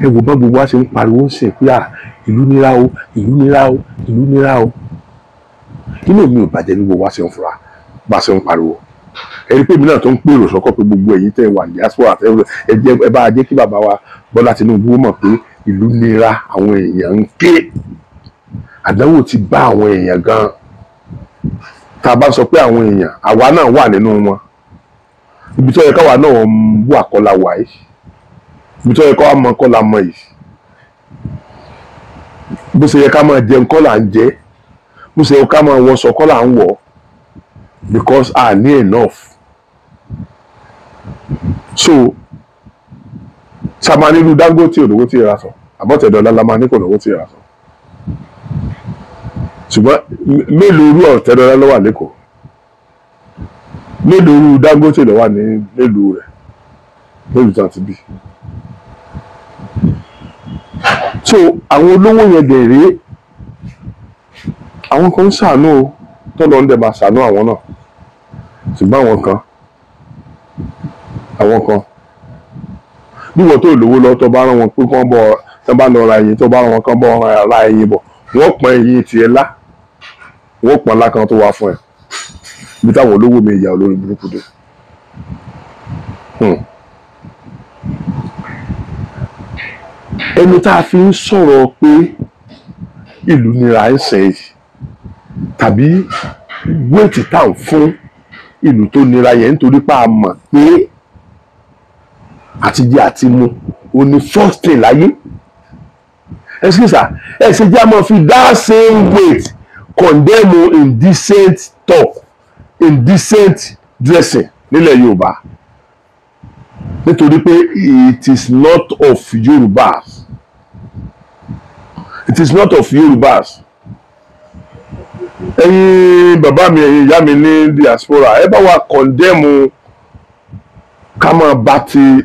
ẹ wò bá gbogbo wa ṣe ń pariwo ń sìn pé à ìlú nira o ìlú nira o ìlú nira o inú mi ò bàjẹ́ ní gbogbo wa ṣe ń fura bá ṣe ń pariwo ẹ rí pé èmi náà tó ń pèrò sọ́kọ́ pé gbogbo ẹ̀yin tẹ́ wà ní diaspora ẹ bá jẹ́ kí bàbá wa Bọ́lá Tinubu mọ̀ pé ìlú nira àwọn èèyàn ń ké àdánwò ti bá àwọn èèyàn gan-an tá a bá sọ pé àwọn èèyàn àwa náà wà nínú wọn ibi tó yẹ káwa náà wù àkọlà wà yìí ibi tó yẹ káwa mọ kọ́ la mọ yìí bó ṣe yẹ ká máa jẹun kọ́ là ń jẹ bó ṣe yẹ ká máa wọṣọ kọ́ là ń wọ̀ because a ní enough so sàmánirú Dangote olówó tí ì ra sọ àbọ̀tẹ̀dọ̀ ọ̀la la máa ní kò sọ ṣùgbọ́n mélòó irú Ọ̀tẹ́dọ́lá ló wà lẹ́kọ̀ọ́ mélòó irú Dangote ló wà ní nílùú rẹ̀ nílùú tí wọ́n ti bí. so àwọn olówó yẹn dẹ̀ rèé àwọn kan ń ṣàánú o tọ́lọ́ ń dẹ̀ máa ṣàánú àwọn náà ṣùgbọ́n àwọn kan àwọn kan níwọ̀n tó lówó lọ tó bá rán wọn pé kán bọ̀ tó bá lọ ra ẹyin tó bá rán wọn kán bọ̀ ra ẹyin bọ̀ wọ́n pọn ẹyin tiẹ̀ lá wọ́n pọn lákan tó wá fún ẹ ibi táwọn olówó mi ìyá olórí burúkú dé. Hmm. ẹni tá a fi ń sọ̀rọ̀ pé ìlú nira ń sẹ̀ yìí tàbí wéètì tá à ń fún ìlú tó nira yẹn nítorí pé a mọ̀ pé àtijẹ́ àti mu ò ní first thing láyé ẹ ṣe sà ẹ ṣe jẹ́ àmọ́ fi that same weight condemn indecent talk indecent dressing nílẹ̀ yorùbá nítorí pé it is not of yorùbá it is not of yorùbá ẹ̀yin bàbá mi ẹ̀yin ìyá mi ní diaspora ẹ bá wa condemn o ká máa bá ti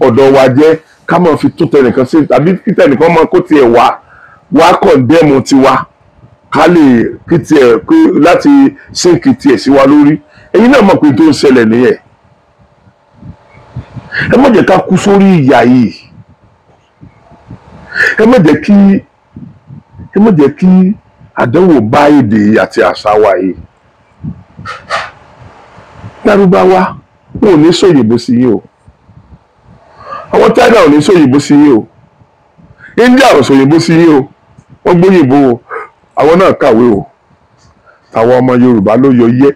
ọ̀dọ̀ wa jẹ́ ká máa fi tó tẹnìkan sí tàbí tẹnìkan máa kó tiẹ̀ wá wá condemn tiwa ká lè kí tiẹ̀ pé láti ṣèkì tiẹ̀ sí wa lórí ẹ̀yin náà mọ̀ pé tó ń ṣẹlẹ̀ nìyẹn ẹ má jẹ́ ká kú sórí ìyà yìí ẹ má jẹ́ kí ẹ má jẹ́ kí àdánwò bá èdè àti àṣà wa yìí lárúbáwá wọn ò ní sọ òyìnbó sí yìí o àwọn China ò ní sọ òyìnbó sí yìí o India ò sọ òyìnbó sí yìí o wọ́n gbóyìnbó o àwọn náà kàwé o àwọn ọmọ Yorùbá ló yọ yẹ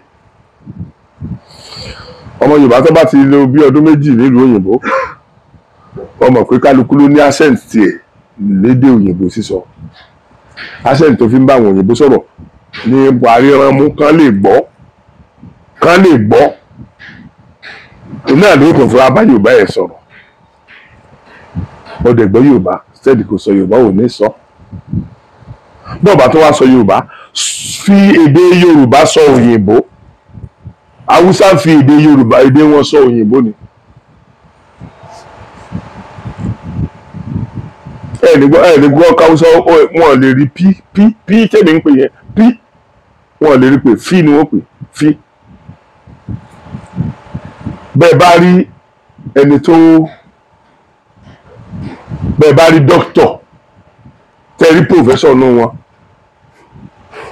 ọmọ Yorùbá tó bá ti lò bí ọdún méjì nílùú òyìnbó ọmọ pé kálukú ló ní accent tiẹ̀ lédè òyìnbó sísọ accent tó fi ń bá àwọn òyìnbó sọ̀rọ̀ ní àríran mú kán lè gbọ́ kán lè gbọ́ náà ló kàn fún abá Yorùbá yẹn sọ̀rọ̀ ọdẹ gbọ́ Yorùbá sẹ́ẹ̀dì kò sọ Yorùbá ò ní sọ bọ́ọ̀bà tó wá sọ yorùbá fi èdè yorùbá sọ òyìnbó haúsá fi èdè yorùbá èdè wọn sọ òyìnbó ni. ẹni gbọ́ ẹni gbọ́ káwùsọ wọn lè rí pí pí pí tẹ̀mí ń pè yẹn pí wọn lè rí pé fí ni wọ́n pè fí. bẹ́ẹ̀ bá rí ẹni tó bẹ́ẹ̀ bá rí dókítọ̀ tẹ̀rí pòfẹ́sọ̀ nù wọn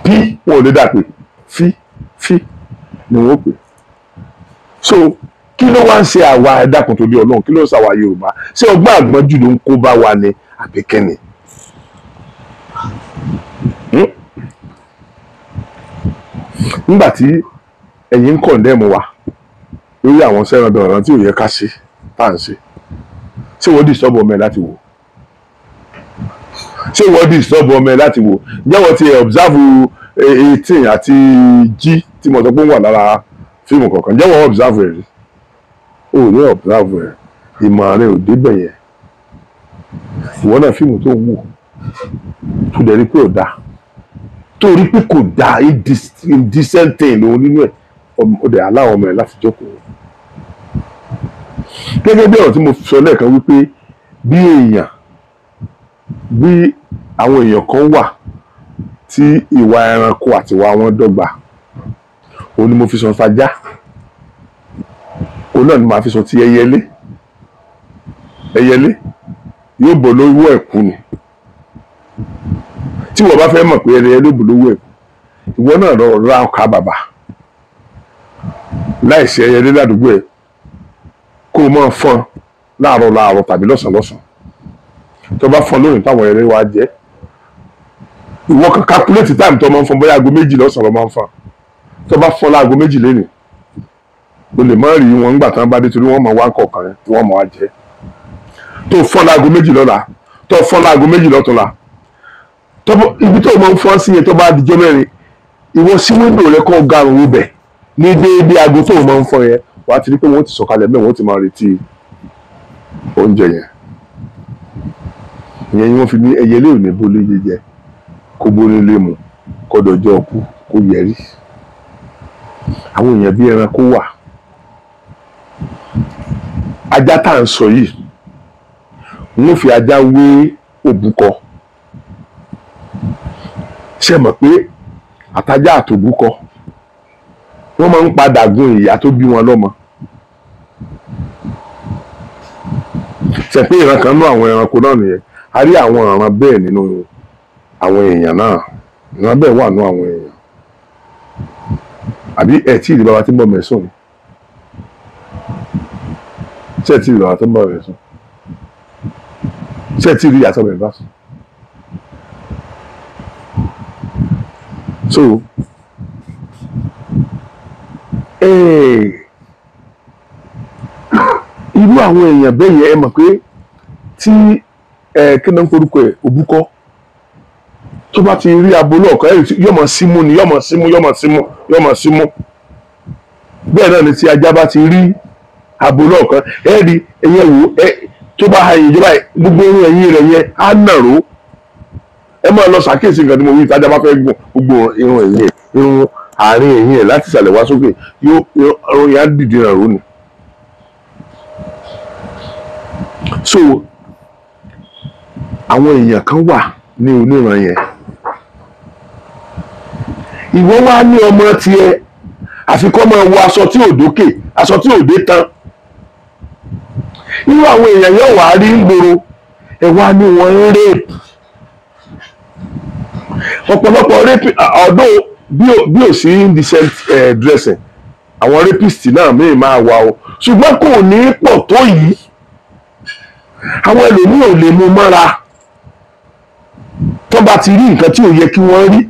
bí wọn ò lè dà pé fí fí ni wọn ò pè so kí ló wá ń ṣe àwa ẹ̀dàkùn tó bí ọlọ́run kí ló ń ṣe àwa yorùbá ṣé ọgbọ́n àgbọ́njù ló ń kó bá wa ni àbí kẹ́ni. Hmm? nígbà tí ẹ̀yin ń kọ̀ǹdẹ́mù wa lórí àwọn sẹ́ran dọ̀rọ̀ tí ò yẹ ká ṣe tá à ń ṣe ṣé wọ́n dì sọ́ọ̀bù ọmọ ẹ̀ láti wò ṣé wọ́n dì sọ́ọ̀bù ọmọ ẹ̀ láti wò ǹjẹ́ wọ́n ti observe eighteen àti g tí mo sọ pé ń wà lára fíìmù kọ̀ọ̀kan jẹ́wọ́ observe rẹ̀ o ní observe rẹ̀ ìmọ̀ rẹ̀ ò débẹ̀ yẹn ìwọ náà fíìmù tó wù tó dẹ̀ rí pé ò dáa torí pé kò dáa indecent thing lòun nínú ẹ̀ ó dẹ̀ aláwọ̀ ọmọ ẹ̀ láti jókòó gẹ́gẹ́ bí ọ̀rọ̀ tí mo sọ lẹ́ẹ̀kan wípé bí èèyàn bí àwọn èèyàn kan wà tí ìwà ẹranko àti ìwà wọn dọ́gba òun ni mo fi sọ fajá òun náà ni màá fi sọ ti ẹyẹlé ẹyẹlé yóò bọ̀ lówó ẹ̀kú ni tí wọ́n bá fẹ́ mọ̀ pé ẹyẹlé yóò bọ̀ lówó ẹ̀kú ìwọ náà lọ ra ọkà bàbà láìsí ẹyẹlé ládùúgbò ẹ kó o máa fọn láàárọ̀ láàárọ̀ tàbí lọ́sànán lọ́sàn tó bá fọn lónìí táwọn ẹyẹlé wa jẹ́ ìwọ kan calculate time tó máa ń fọn bóyá aago méjì lọ́sàn-án ló máa ń fọn tó bá fọn láago méjì lénìí o lè má rí wọn ńgbà tán bá dé torí wọ́n máa wá kọ̀ọ̀kan yẹn tí wọ́n máa jẹ tó fọn láago méjì lọ́la tó fọn láago méjì lọ́tọ̀la ibi tó máa ń fọn sí yẹn tó bá dijọ́ mẹ́rin ìwọ sí wíńdò rẹ kọ́ garun ibẹ̀ ní déédéé aago tó máa ń fọn yẹn wàá ti rí pé wọ́n ti sọ̀kalẹ̀ bẹ́ẹ̀ wọ́n ti máa retí oúnjẹ yẹn ìyẹn ni wọ́n fi ní ẹyẹlé òní bó lè jẹ kó gbónílé mu kó dọjọ́ ọkú kó yẹrí àwọn èèyàn bíi ẹranko wà ajá tá à ń sọ yìí wọ́n fi ajá wé òbúkọ ṣe mọ̀ pé àtajá àtòbúkọ wọ́n máa ń padà gun ìyá tó bí wọn lọ́mọ ṣe pé ìran kan àwọn ẹranko náà nìyẹn a rí àwọn ọ̀ràn bẹ́ẹ̀ nínú wọn àwọn èèyàn náà ìran bẹ́ẹ̀ wà nú àwọn èèyàn àbí ẹ̀ tí ìdí bàbá tí ń bọ̀ mẹ́sùn ni tí ìdí bàbá tí ń bọ̀ mẹ́sùn ṣé tí ìdí ìyàtọ̀ mẹ́fà sùn. so eh, irú àwọn èèyàn bẹ́ẹ̀ yẹn ẹ mọ̀ pé tí eh, kí ló ń korúkọ ẹ̀ òbúkọ́ tó bá ti rí abolú ọ̀kan ẹ̀rì yọ̀mọ̀ símú ni yọ̀mọ̀ símú yọ̀mọ̀ símú yọ̀mọ̀ símú bẹ́ẹ̀ náà ni tí ajá bá ti rí abolú ọ̀kan ẹ̀rì ẹ̀yẹ wò ẹ̀ tó bá ha yìí jọba gbogbo ohun ẹ̀yìn rẹ̀ yẹn á nàró ẹ máa lọ ṣàkíyèsí nǹkan tí mo wí ìtajà bá fẹ́ gùn gbogbo irun ẹ̀yìn irun àárín ẹ̀yìn ẹ̀ láti ìsàlẹ̀ wá sókè yóò irun yẹn á dìde nàró ni. so àwọn èèyàn kan wà ní oníran yẹn ìwọ wá ní ọmọ tiẹ̀ àfikọ́ máa wọ aṣọ tí ò dókè aṣọ tí ò dé tán irú àwọn èèyàn yóò wá rí gbòòrò ẹ̀ wá ní wọ́n ń rèpù ọ̀pọ̀lọpọ̀ rape ọ̀dọ́ bí ò sí indecent eh, dressing àwọn rapist náà míì máa wà o ṣùgbọ́n kò ní pọ̀ tó yìí àwọn ẹlòmíì ò lè mú mọ́ra tó bá ti rí nǹkan tí ò yẹ kí wọ́n rí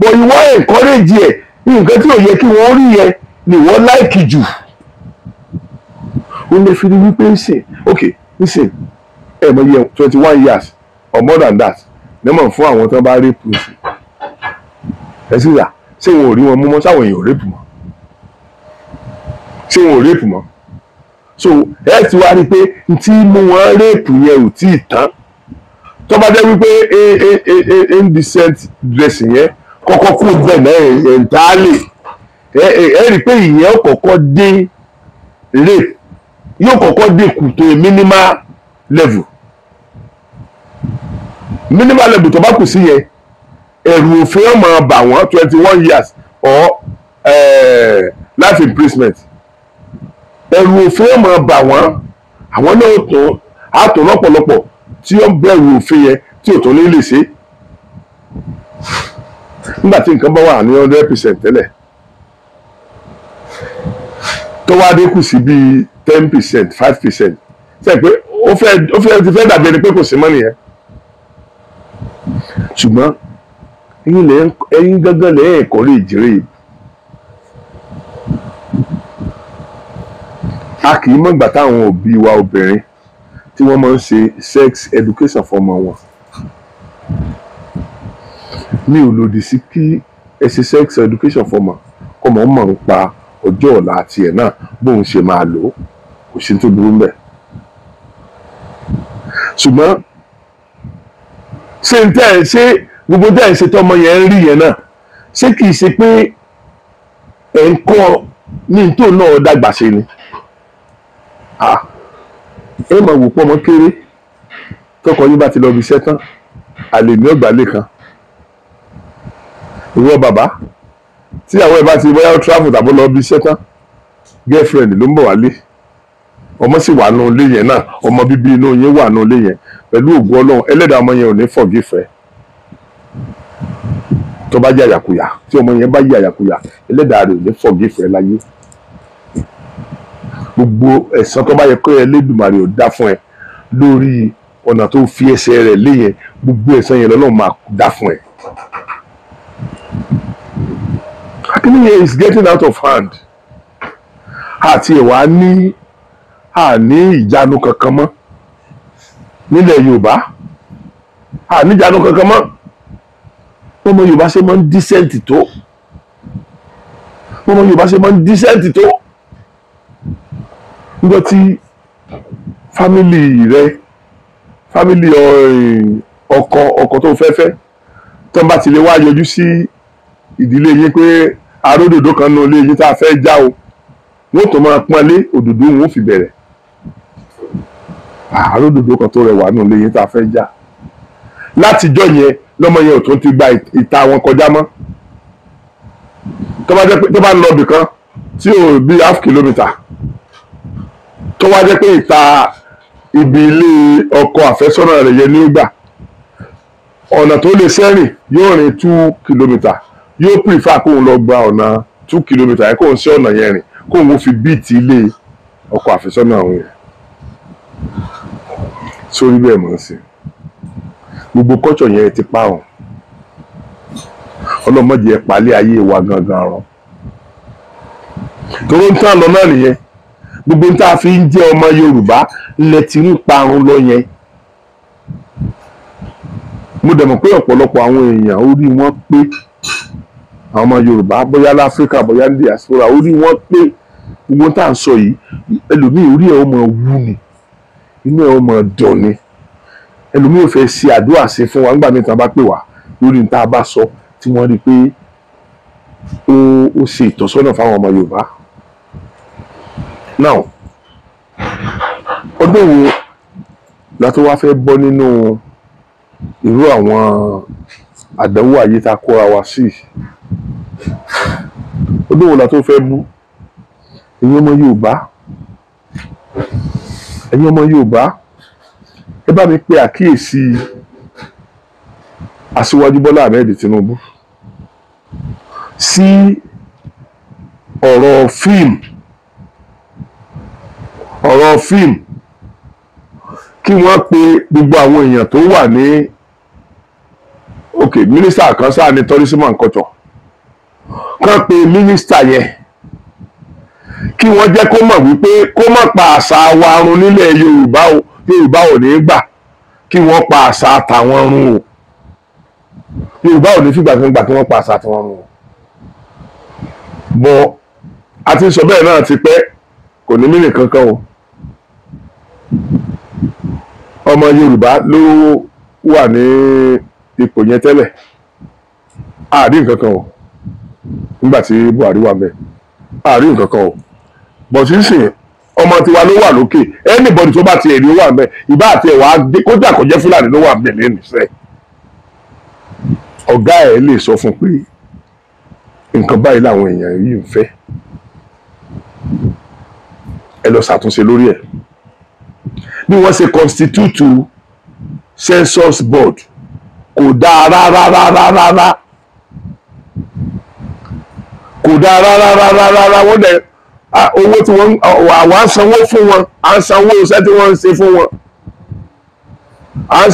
bọ̀ ìwọ encourage ẹ̀ nǹkan tí ò yẹ kí wọ́n rí yẹn ni wọ́n láìkì jù ó lè fi rí wípé ń sìn ok ń sìn ẹ mọ iye twenty one years or more than that lẹ́mọ̀ fún àwọn tó bá rape ń sìn ẹ sì rà ṣé wọn ò rí wọn mú mọ́ sáwọn èèyàn rape mọ́ ṣé wọn ò rape mọ́ so ẹ ti wá rí i pé n tí mú wọn rape yẹn ò tí ì tán tó jẹ́ wípé eh, eh, eh, indecent dressing yẹn kọ́kọ́ kó bẹ̀rẹ̀ ẹ̀ńtálì ẹ rí i pé ìyẹn kọ́kọ́ dín rape yóò kọ́kọ́ dín kù tó minimal level minimal level tó bá kù sí yẹn ẹ̀rù òfin ọmọ bà wọ́n twenty one years or life imprisonment ẹ̀rù òfin ọmọ bà wọ́n àwọn náà tún àtò lọ́pọ̀lọpọ̀ tí ó ń bẹ̀rù òfin yẹn tí ò tún lè lè ṣe nígbà tí nǹkan bá wà ní hundred percent tẹ́lẹ̀ tó wá dínkù sí bíi ten percent five percent ṣe pé ó fẹ́ ó fẹ́ ti fẹ́ dàbí ẹni pé kò sí mọ́ nìyẹn ṣùgbọ́n ẹ̀yin lẹ ẹ̀yin gángan lẹ ẹ̀kọ́ lè jèrè a kì í mọ̀gbà táwọn òbí wa obìnrin tí wọ́n máa ń ṣe sex education fọmọ wọn mi ò lòdì sí kí ẹ ṣe sex education fọmọ kọmọ mọ̀ ń pa ọjọ́ ọ̀la àti ẹ̀ náà bóun ṣe máa lò ó kò sí tó burú mbẹ̀. ṣùgbọ́n ṣé n tẹ́ ẹ ṣe gbogbo tẹ́ ẹ ṣe tọmọ yẹn ń rí yẹn náà ṣé kì ṣe pé ẹ̀ ń kọ́ ní tó náà dàgbà ṣe ni ẹ máa wò pọ́ ọmọ kéré tọkọ yín bá ti lọ bí iṣẹ́ tán àlè ní ọgbà lè kan ìwọ bàbá tíyàwó ẹ bá ti bóyá travel tàbí lọ bí iṣẹ́ tán girlfriend ló ń bọ̀ wálé ọmọ sì wà nù ilé yẹn náà ọmọ bíbí inú yẹn wà nù ilé yẹn pẹ̀lú ògùn ọlọ́run ẹlẹ́dàá ọmọ yẹn ò ní forgive ẹ tó bá jẹ́ àyàkuyà tí ọmọ yẹn bá jẹ́ àyàkuyà ẹlẹ́dàá rẹ̀ ò ní forgive ẹ láyé gbogbo ẹ̀san tó bá yẹ kó Ẹlẹ́dùmarè ò dá fún ẹ lórí ọ̀nà tó fi ẹsẹ̀ rẹ̀ lé gbogbo ẹ̀san yẹn lọ́lọ́run máa dá fún ẹ kíni yẹn is getting out of hand àti ìwà ní àní ìjánu kankan mọ́ nílẹ̀ Yorùbá àní ìjánu kankan mọ́ ọmọ Yorùbá ṣe máa ń dísẹ́ǹtì tó ọmọ Yorùbá ṣe máa ń dísẹ́ǹtì tó nígbà tí fámìlì rẹ fámìlì eh, ọkọ ọkọ tó fẹ́ fẹ́ tó ń bá ti wá yọjú sí ìdílé yín pé aródòdó kan nínú ilé yín tá a fẹ́ já o wọ́n tó máa pọ́nlé òdòdó wọn ò fi bẹ̀rẹ̀ ah, aródòdó kan tó rẹwà nínú ilé yín tá a fẹ́ já látijọ́ yẹn lọ́mọ yẹn ò tún ti gba ìta wọn kọjá mọ́ tó bá ń lọ bìkan tí ò bí half kilometre tó wá jẹ́ pé ìta ibi ilé ọkọ àfẹ́sọ́nà rẹ̀ yẹn ní ó gbà ọ̀nà tó lè sẹ́rìn yóò rìn two kilometre yóò prefer kóun lọ gba ọ̀nà two kilometre yẹn kóun sí ọ̀nà yẹn rìn kóun ó fi bíìtì ilé ọkọ àfẹ́sọ́nà àwọn yẹn sórí bẹ́ẹ̀ mọ̀ sí gbogbo culture yẹn ti pa ọ́n ọlọ́mọdé ẹ̀ palẹ̀ ayé wa gangan rán tó ń tán lọ náà nìyẹn gbogbo ń tá a fi ń jẹ́ ọmọ Yorùbá lẹ ti ń parun lọ yẹn mo dẹ̀ mọ̀ pé ọ̀pọ̀lọpọ̀ àwọn èèyàn orí wọn pé àwọn ọmọ Yorùbá bóyá láfíríkà bóyá ní diaspora orí wọn pé gbogbo tá à ń sọ yìí ẹlòmíì orí ẹ̀ ó mọ wú ni inú ẹ̀ ó mọ dùn ni ẹlòmíì ò fẹ́ ṣe àdúrà sí fún wa nígbà míì tá a bá pè wá lórí ní a bá sọ tí wọ́n rí i pé ó ó ṣe ìtọ́sọ́nà fáwọn ọmọ Yorùbá now ọdún wo la tó wá fẹ́ bọ́ nínú irú àwọn àdánwò ayé tá a kóra wa sí olówó la tó fẹ́ bú ẹ̀yin ọmọ Yorùbá ẹ̀yin ọmọ Yorùbá ẹ bá mi pe àkíyèsí aṣíwájú Bọ́lá Ahmed Tinubu sí ọ̀rọ̀ fíìmù ọ̀rọ̀ fíìmù kí wọ́n pe gbogbo àwọn èèyàn tó wà ní ok mínísítà kan sáà ní tourism and culture kàn pé mínísítà yẹn kí wọ́n jẹ́ kó mọ̀ wípé kó má pa àṣà wa run nílẹ̀ yorùbá o yorùbá ò ní gbà kí wọ́n pa àṣà tàwọn run o yorùbá ò ní fìgbà kan gbà kí wọ́n pa àṣà tàwọn run o bọ́ a ti sọ bẹ́ẹ̀ náà ti pẹ́ kò ní mínì kankan o ọmọ yorùbá ló wà ní ipò yẹn tẹ́lẹ̀ àárí nǹkan kan o nígbà tí Buhari wà mẹ́ àárí nǹkan kan o bọ̀ sí sìn ọmọ tiwa ló wà lókè anybody tó bá ti èrè wà mẹ́ ìbá àti ẹ̀wà kódà kò jẹ́ Fúlàní ló wà mẹ́ lẹ́nu iṣẹ́ ọ̀gá ẹ̀ lè sọ fún pé nǹkan báyìí làwọn èèyàn yìí ń fẹ́ ẹ lọ ṣàtúnṣe lórí ẹ̀ bí wọ́n ṣe constitute census board kò dáa rárá. kò dáa rárá. wọ́n dẹ̀ owó tí wọ́n àwa ń sanwó fún wọn à ń sanwó iṣẹ́ tí wọ́n ń ṣe fún wọn à ń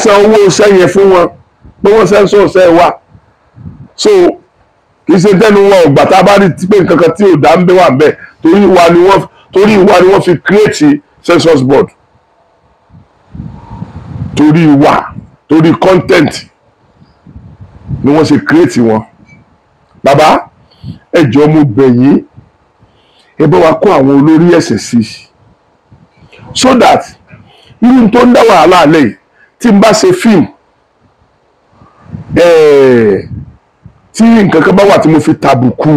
san yẹn fún wọn pé wọ́n ṣe ń sọ iṣẹ́ wa so kì í ṣe tẹ́nu wọn ò gbà tá a bá rí pé nǹkan kan tí ò dá ń bẹ wà bẹ́ẹ̀ torí ìwà ni wọn torí ìwà ni wọn fi create census board torí ìwà torí content ni wọ́n ṣe kírètì wọn bàbá ẹjọ́ mo bẹ̀ yín ẹ bá wa kó àwọn olórí ẹ̀sìn sí so that irú tó ń dá wàhálà lẹ̀ tí n bá ṣe fíìmù tí nǹkan kan bá wà tí mo fi tàbùkù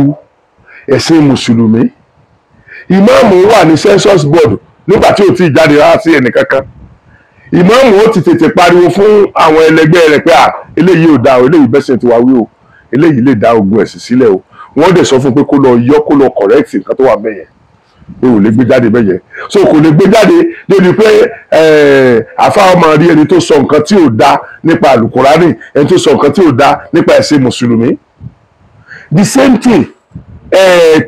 ẹ̀sìn mùsùlùmí ìmáàmù wà ní census board nígbà tí ò tí ì jáde rárá sí ẹnìkankan ìmáàmù ó ti tètè pariwo fún àwọn ẹlẹgbẹ́ rẹ̀ pé à eléyìí ò dáa o eléyìí bẹ́sẹ̀ ti wá wí o eléyìí lè dá ogun ẹ̀sìn sílẹ̀ o wọ́n dẹ̀ sọ fún pé kó lọ yọ kó lọ correct nǹkan tó wà mẹ́yẹn o ò lè gbé jáde mẹ́yẹn so kò lè gbé jáde débi pé àfa ọmọ rí ẹni tó sọ nǹkan tí ò dáa nípa àlùkùránì ẹni tó sọ nǹkan tí ò dáa nípa ẹ̀sìn mùsùlùmí the same thing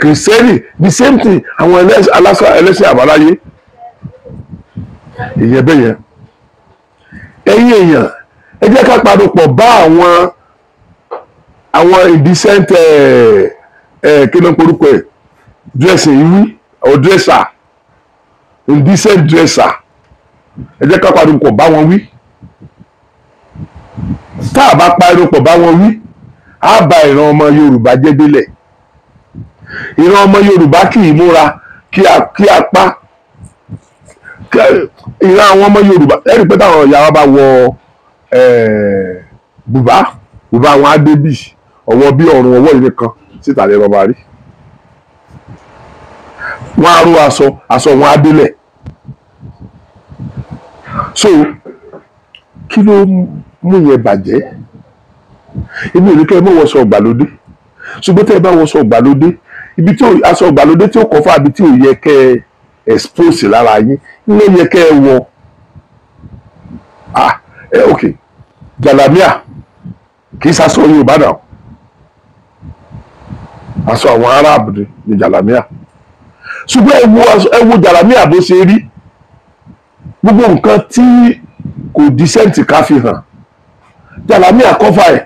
kìrìsìtẹ́nì the same thing àwọn ẹlẹ́sìn àbáláyé ìyẹn bẹ́yẹn ẹ̀yin èèyàn ẹ jẹ́ ká padòpọ̀ bá àwọn àwọn indecent kí ló ń porúkọ ẹ̀ dressing yìí or dresser indecent dresser ẹ jẹ́ ká padòpọ̀ bá wọn wí tá a bá padòpọ̀ bá wọn wí á ba ìran ọmọ Yorùbá jẹ́ délẹ̀ ìran ọmọ Yorùbá kì í múra kí apá ìran àwọn ọmọ Yorùbá lẹ́rìí pé táwọn ìyá wa bá wọ bùbá bùbá àwọn adébí ọwọ́ bí ọ̀run ọwọ́ ìlú kan síta lẹ́rọ bá rí wọ́n á aṣọ aṣọ wọn á so kí ló mú yẹn bàjẹ́ ibi ìrìkẹ́ ẹ mọ̀ wọ́sọ ọ̀gbàlódé ṣùgbọ́n tẹ́ ẹ bá wọ́sọ ọ̀gbàlódé ibi tí aṣọ ọ̀gbàlódé tí ó kọ́ fún àbí tí ò yẹ kẹ́ ẹ expose lára yín ló yẹ kẹ́ ẹ wọ̀ ah ẹ ok jàlámíà kì í sasọ Yorùbá náà aṣọ àwọn Arab ni ni jàlámíà ṣùgbọ́n ẹ wo ẹ wo jàlámíà bó ṣe rí gbogbo nǹkan tí kò dísẹ́ǹtì ká fi hàn jàlámíà kọ́fà ẹ̀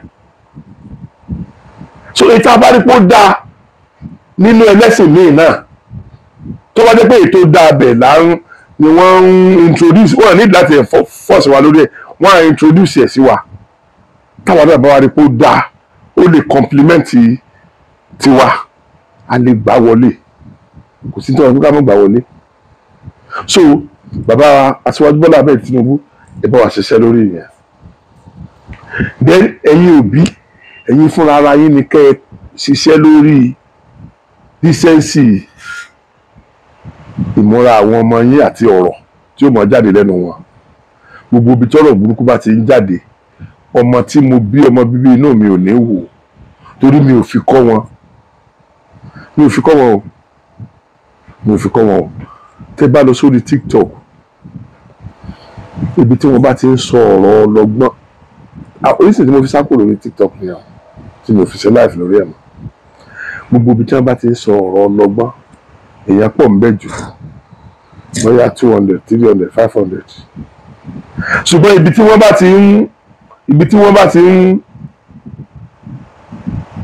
so ètò abárípò dáa nínú ẹlẹ́sìn míì náà tó bá jẹ́ pé ètò dáa bẹ̀ láàrún ni wọ́n ń introduce wọ́n ní láti ẹ̀ force wa lórí ẹ̀ wọ́n á introduce ẹ̀ sí wa táwọn náà bá wa rí pé ó dáa ó lè compliment tiwa a lè gbà wọlé kò sí tọ́wọ́ ká mọ̀ gbà wọlé so bàbá aṣíwájú Bọ́lá abẹ́ Tinubu ẹ bá wa ṣiṣẹ́ lórí yẹn then ẹ̀yin òbí ẹ̀yin fúnra ara yín ni kẹ́ ẹ ṣiṣẹ́ lórí decency yìí ìmúra àwọn ọmọ yín àti ọ̀rọ̀ tí ó mọ̀ jáde lẹ́nu wọn gbogbo ibi tọ́rọ̀ burúkú bá ti ń jáde ọmọ tí mo bí ọmọ bíbí inú mi ò ní wò torí mi ò fi kọ́ wọn mi ò fi kọ́ wọn o mi ò fi kọ́ wọn o tẹ́ bá lọ sórí tiktok ibi tí wọ́n bá ti ń sọ ọ̀rọ̀ ọlọ́gbọ́n oríṣiríṣi tí mo fi sápò lórí tiktok nìyẹn tí mo fi ṣe live lórí ẹ̀ mọ́ gbogbo ibi tí wọ́n bá ti ń sọ ọ̀rọ̀ ọlọ́gbọ́n èèyàn pọ̀ ń bẹ̀ jù bóyá two hundred three hundred five hundred ṣùgbọ́n ibi tí wọ́n bá ti ń ibi tí wọ́n bá ti ń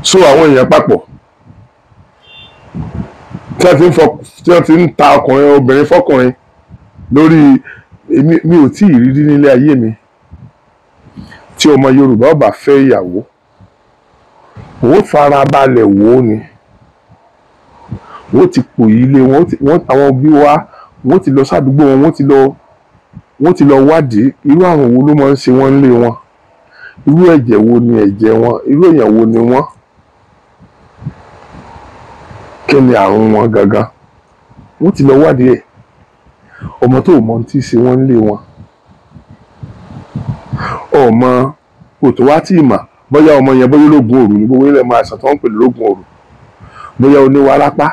so àwọn èèyàn papọ̀ tí wọ́n ti ń fọ tí wọ́n ti ń ta ọkùnrin obìnrin fọkùnrin lórí èmi mi ò tí ì rí rí nílé ayé mi tí ọmọ Yorùbá ó fẹ́ ìyàwó ó fara balẹ̀ wò ó ni wọ́n ti pò yí lé wọ́n àwọn òbí wa wọ́n ti lọ sádùúgbò wọn wọ́n ti lọ wọ́n ti lọ wádìí irú àrùn wo ló máa ń ṣe wọ́n ń lé wọn irú ẹ̀jẹ̀ wo ni ẹ̀jẹ̀ wọn irú èèyàn wo ni wọ́n kí ni àrùn wọn gangan wọ́n ti lọ wádìí ẹ̀ ọmọ tó mọ ti ṣe wọ́n ń lé wọn ọmọ òtò wá tí ì mà bóyá ọmọ yẹn bóyá ológun òru ni gbogbo ilẹ̀ máa ṣàtọ́ ń pè lóògùn òru bóyá oníwàrápá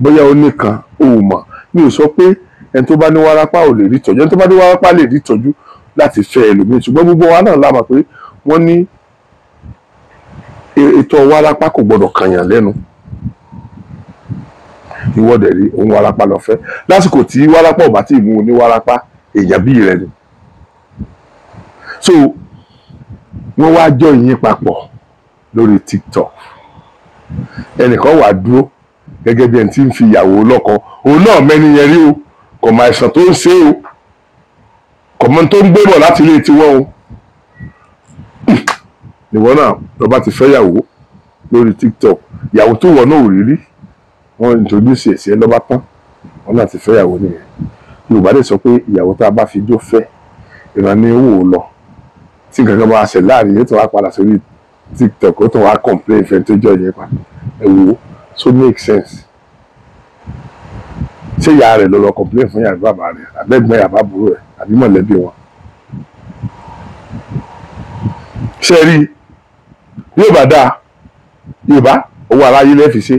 bóyá ó nìkan o ò mọ̀ mi ò sọ pé ẹni tó bá ní wárápá ò lè rí tọ́jú ẹni tó bá ní wárápá lè rí tọ́jú láti fẹ́ ẹlòmíì ṣùgbọ́n gbogbo wa náà la mọ̀ pé wọ́n ní ètò wárápá kò gbọdọ̀ kànyàn lẹ́nu ìwọ́dẹ̀ rí òun warapa lọ fẹ́ lásìkò tí wárápá ò bá tí ì mú un ní wárápá èèyàn bíi rẹ ni so wọ́n wá jọ ìyín papọ̀ lórí TikTok ẹnìkan wà dúró gẹ́gẹ́ bí ẹni tí ń fi ìyàwó lọ́kọ òun náà mẹ́ni yẹn rí o kò mọ àìsàn tó ń ṣe o kò tó ń gbé láti ilé tiwọn o ìwọ náà lọba ti fẹ́ yàwó lórí tiktok ìyàwó tó wọ̀ náà ò rí rí wọ́n introduce ẹ̀sìn ẹ lọ́ba tán wọ́n náà ti fẹ́ yàwó nìyẹn yorùbá lè sọ pé ìyàwó tá a bá fi jó fẹ́ ìran ni wò ó lọ tí nǹkan kan bá ṣẹ̀ láàrin yóò tún wá padà sórí tiktok ó tún wá complain fẹ́ tó jọ yẹn pa ẹ wò ó so make sense ṣé ìyá rẹ̀ ló lọ complain fún ìyá rẹ̀ bàbá rẹ̀ àbẹ́gbọ́n ìyá bàbúrò rẹ̀ àbí mọ̀lẹ́bí wọn ṣe rí yóò bá dáa yorùbá owó ara yín lẹ́ẹ̀fi ṣe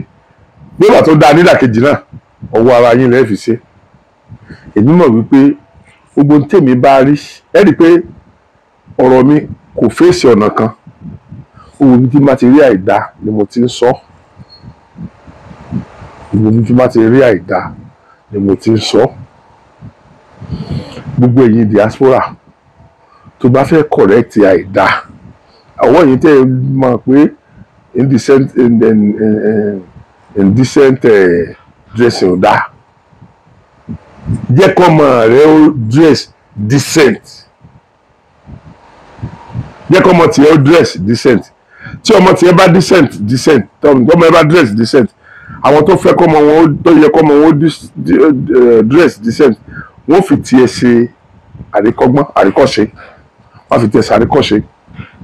yorùbá tó dáa nídàkejì náà owó ara yín lẹ́ẹ̀fi ṣe èmi mọ̀ wípé gbogbo tèmi bá rí ẹ rí i pé ọ̀rọ̀ mi kò fèsì ọ̀nà kan òun tí n bá ti rí àìdá ni mo ti ń sọ ọ́ gbogbo tí má ti rí àìdá ni mo ti ń sọ gbogbo èyí diaspora tó bá fẹ́ correct àìdá àwọn èyí tẹ́ ẹ mọ̀ pé indecent indecent eh, dressing da, jẹ́ kọ́ ọmọ rẹ ó dress decent jẹ́ kọ́ ọmọ tiẹ̀ ó dress decent tí ọmọ tiẹ̀ bá decent decent tọ́mọ ẹ bá dress decent àwọn tó fẹ́ kọ́mọ wọn tó yẹ kọ́mọ wọn eh, dress decent wọ́n fi tiẹ̀ ṣe àríkọ́gbọ́n àríkọ́ṣe wọ́n fi tiẹ̀ ṣe àríkọ́ṣe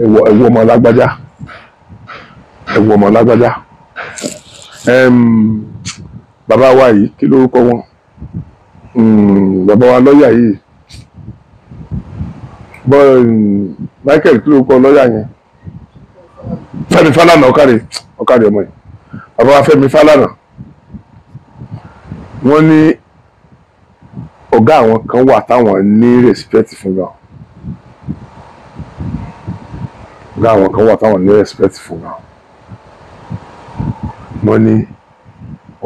ẹ̀wọ̀ ẹ̀wọ̀ ọmọ lágbájá ẹ̀wọ̀ ọmọ lágbájá bàbá wa yìí kí lórúkọ wọn hmm, bàbá wa lọ́ọ̀yà yìí Michael kí lórúkọ lọ́ọ̀yà yẹn Fẹ́mi Fálànà ọ̀kàrẹ̀ ọ̀kàrẹ̀ ọmọ yìí bàbá wa Fẹ́mi Fálànà wọ́n ní ọ̀gá àwọn kan wà táwọn ní respect fún gan ọ̀gá àwọn kan wà táwọn ní respect fún gan wọ́n ní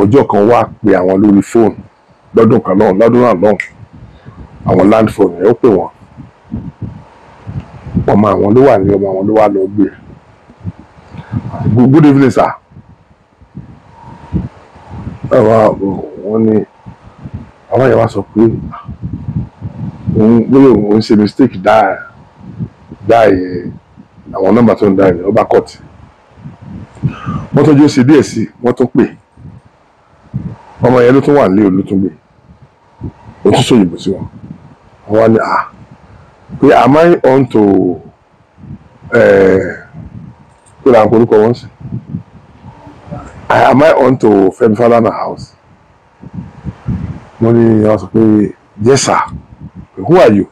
ọjọ́ kan wá pè àwọn lórí fóònù lọ́dún kan lọ́hùn lọ́dún náà lọ́hùn àwọn land phone rẹ̀ ó pè wọ́n ọmọ àwọn ló wà ní ọmọ àwọn ló wà lọ gbé good evening sir bàbá wọn ni bàbá wá sọ pé òun gbọ́dọ̀ òun ṣe mistake dáa dáa yẹn àwọn nọmba tó ń dáa yẹn ọba kọ́ọ̀tì wọ́n tọ́jú ó ṣe díẹ̀ wọ́n pè ọmọ yẹn ló tún wà ní olótúngbè ó tún sóyìnbó sí wọn wọn ni à pé am I on to eh, kí orúkọ wọn sí. am I on to Fẹ́mi Falana house mo ní wọ́n sọ yes sir who are you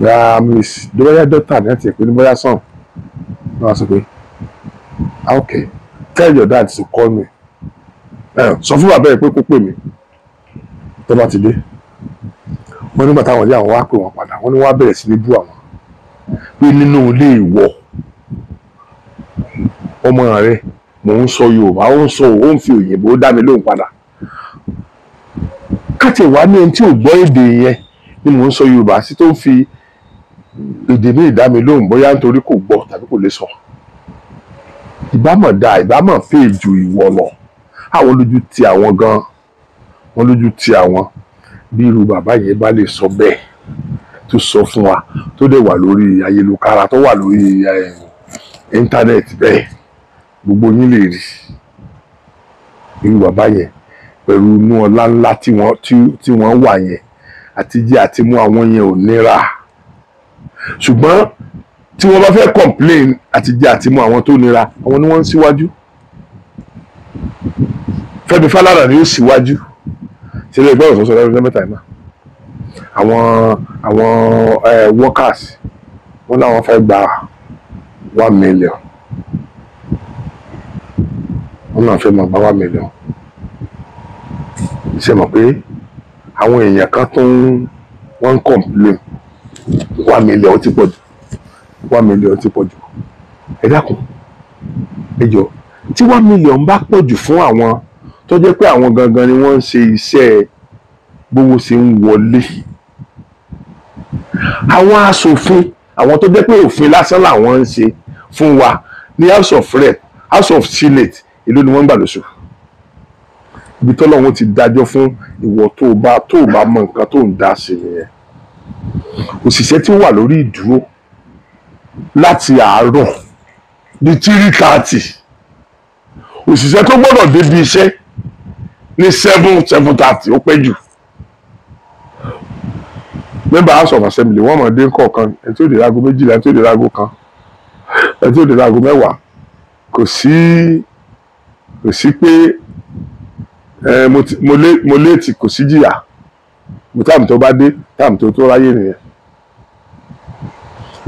I'm his daughter. dọ́tà ní àti ẹ̀pẹ́ ní bọ́yá sàn wọ́n ah, okay tell your dad to call me So fún bàbá ẹ̀ pé kó pè mí tó bá ti dé wọ́n nígbà táwọn ilé àwọn wá pè wọ́n padà wọ́n ní wọ́n á bẹ̀rẹ̀ sí ní bú àwọn pé nínú ilé ìwọ ọmọ rẹ̀ mò ń sọ yorùbá ó ń sọ ó ń fi òyìnbó dá mi lóhùn padà káti ìwà ní ẹni tí ò gbọ́ èdè yẹn ni mò ń sọ yorùbá sí tó ń fi èdè ní ìdá mi lóhùn bóyá nítorí kò gbọ́ tàbí kò lè sọ ìbámọ̀ dáa ìbámọ̀ fèè ju ìwọ lọ àwọn lójú ti àwọn gan wọn lójú ti àwọn bí irú bàbá yẹn bá lè sọ bẹ́ẹ̀ tó sọ fún wa tó dẹ̀ wà lórí ayélujára tó wà lórí eh, íńtánẹ́ẹ̀tì bẹ́ẹ̀ gbogbo yín lè rí irú bàbá yẹn pẹ̀lú inú ọlá ńlá tí wọ́n wà yẹn àti jẹ́ àti mú àwọn yẹn ò nira ṣùgbọ́n tí wọ́n bá fẹ́ complain àti jẹ́ àti mú àwọn tó nira àwọn ni wọ́n ń síwájú Fẹ́mi Fálànà ni ó síwájú ṣẹlẹ̀ ìgbọràn sọsọ lẹ́nu ọjọ́ mẹ́ta náà àwọn àwọn eh, workers wọ́n láwọn fẹ́ gba one million òun náà fẹ́ mọ gba wá mílíọ̀n ṣe mọ̀ pé àwọn èèyàn kan tó ń wọ́n ń kọ̀m̀plé wá mílíọ̀n ó ti pọ̀ jù wá mílíọ̀n ó ti pọ̀ jù ẹ dákun ẹ jọ tí wá mílíọ̀n bá pọ̀ jù fún àwọn tó jẹ́ pé àwọn gangan ni wọ́n ń ṣe iṣẹ́ gbowó ṣe ń wọlé àwọn aṣòfin àwọn tó jẹ́ pé òfin lásán làwọn ń ṣe fún wa ní house of rep house of senate èló ni wọ́n ń gbà lóṣù ibi tọ́lọ́run ti dájọ́ fún ìwọ tó o bá tó o bá mọ nǹkan tó ń dá sí nìyẹn òṣìṣẹ́ tí ó wà lórí ìdúró láti àárọ̀ di three thirty òṣìṣẹ́ tó gbọ́dọ̀ débi iṣẹ́ ní seven seven thirty ó pẹ́ jù mẹ́bà house of assembly wọ́n mọ̀ dé kọ̀ọ̀kan ẹni tó dé láago méjìlá ẹni tó dé láago kan ẹni tó dé láago mẹ́wàá kò sí kò sí pé mo léètì kò sí jìyà mo táàmù tó bá dé táàmù tó tó ráyè nìyẹn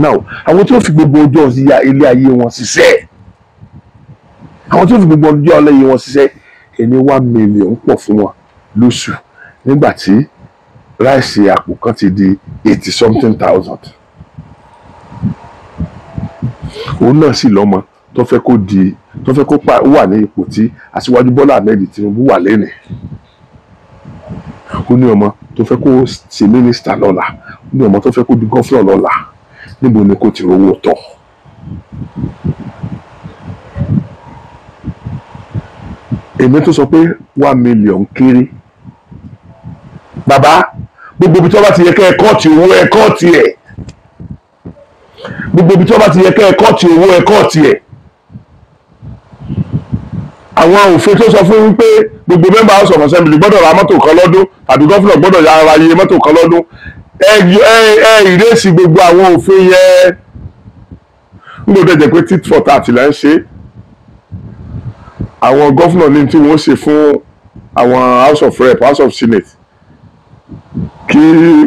now àwọn tó fi gbogbo ọjọ́ ya ilé ayé wọn ṣiṣẹ́ àwọn tó fi gbogbo ọjọ́ ilé ayé wọn ṣiṣẹ́ ẹni one million pọ̀ fún wọn lóṣù nígbà tí ráìsì àpò kan ti di eighty something thousand òun náà sì lọ́mọ tó fẹ́ kó di tó fẹ́ kó wà ní ipò tí aṣíwájú Bọ́lá Ahmed Tinubu wà lẹ́nìí ó ní ọmọ tó fẹ́ kó ṣe mínísítà lọ́la ó ní ọmọ tó fẹ́ kó di gọ́fúnà lọ́la níbo ni kò ti rówó tọ́. èmi tó sọ pé one million kiri, bàbá gbogbo ibi tí wọ́n bá ti yẹ kẹ́ ẹ kọ́ọ̀tì owó ẹ kọ́ọ̀tì gbogbo ibi tí wọ́n bá ti yẹ kẹ́ ẹ kọ́ọ̀tì owó ẹ kọ́ọ̀tì àwọn òfin tó sọ fún wípé gbogbo mẹ́mbà house of assembly gbọ́dọ̀ ra mọ́tò kan lọ́dún àbí gọ́fìnà gbọ́dọ̀ ra iye mọ́tò kan lọ́dún ẹ ẹ ìrèsì gbogbo àwọn òfin yẹn ń gbọ́dọ̀ jẹ́ pé tit for tat là ń ṣe àwọn gọ́fìnà ní tí wọ́n ṣe fún àwọn house of rep house of senate kí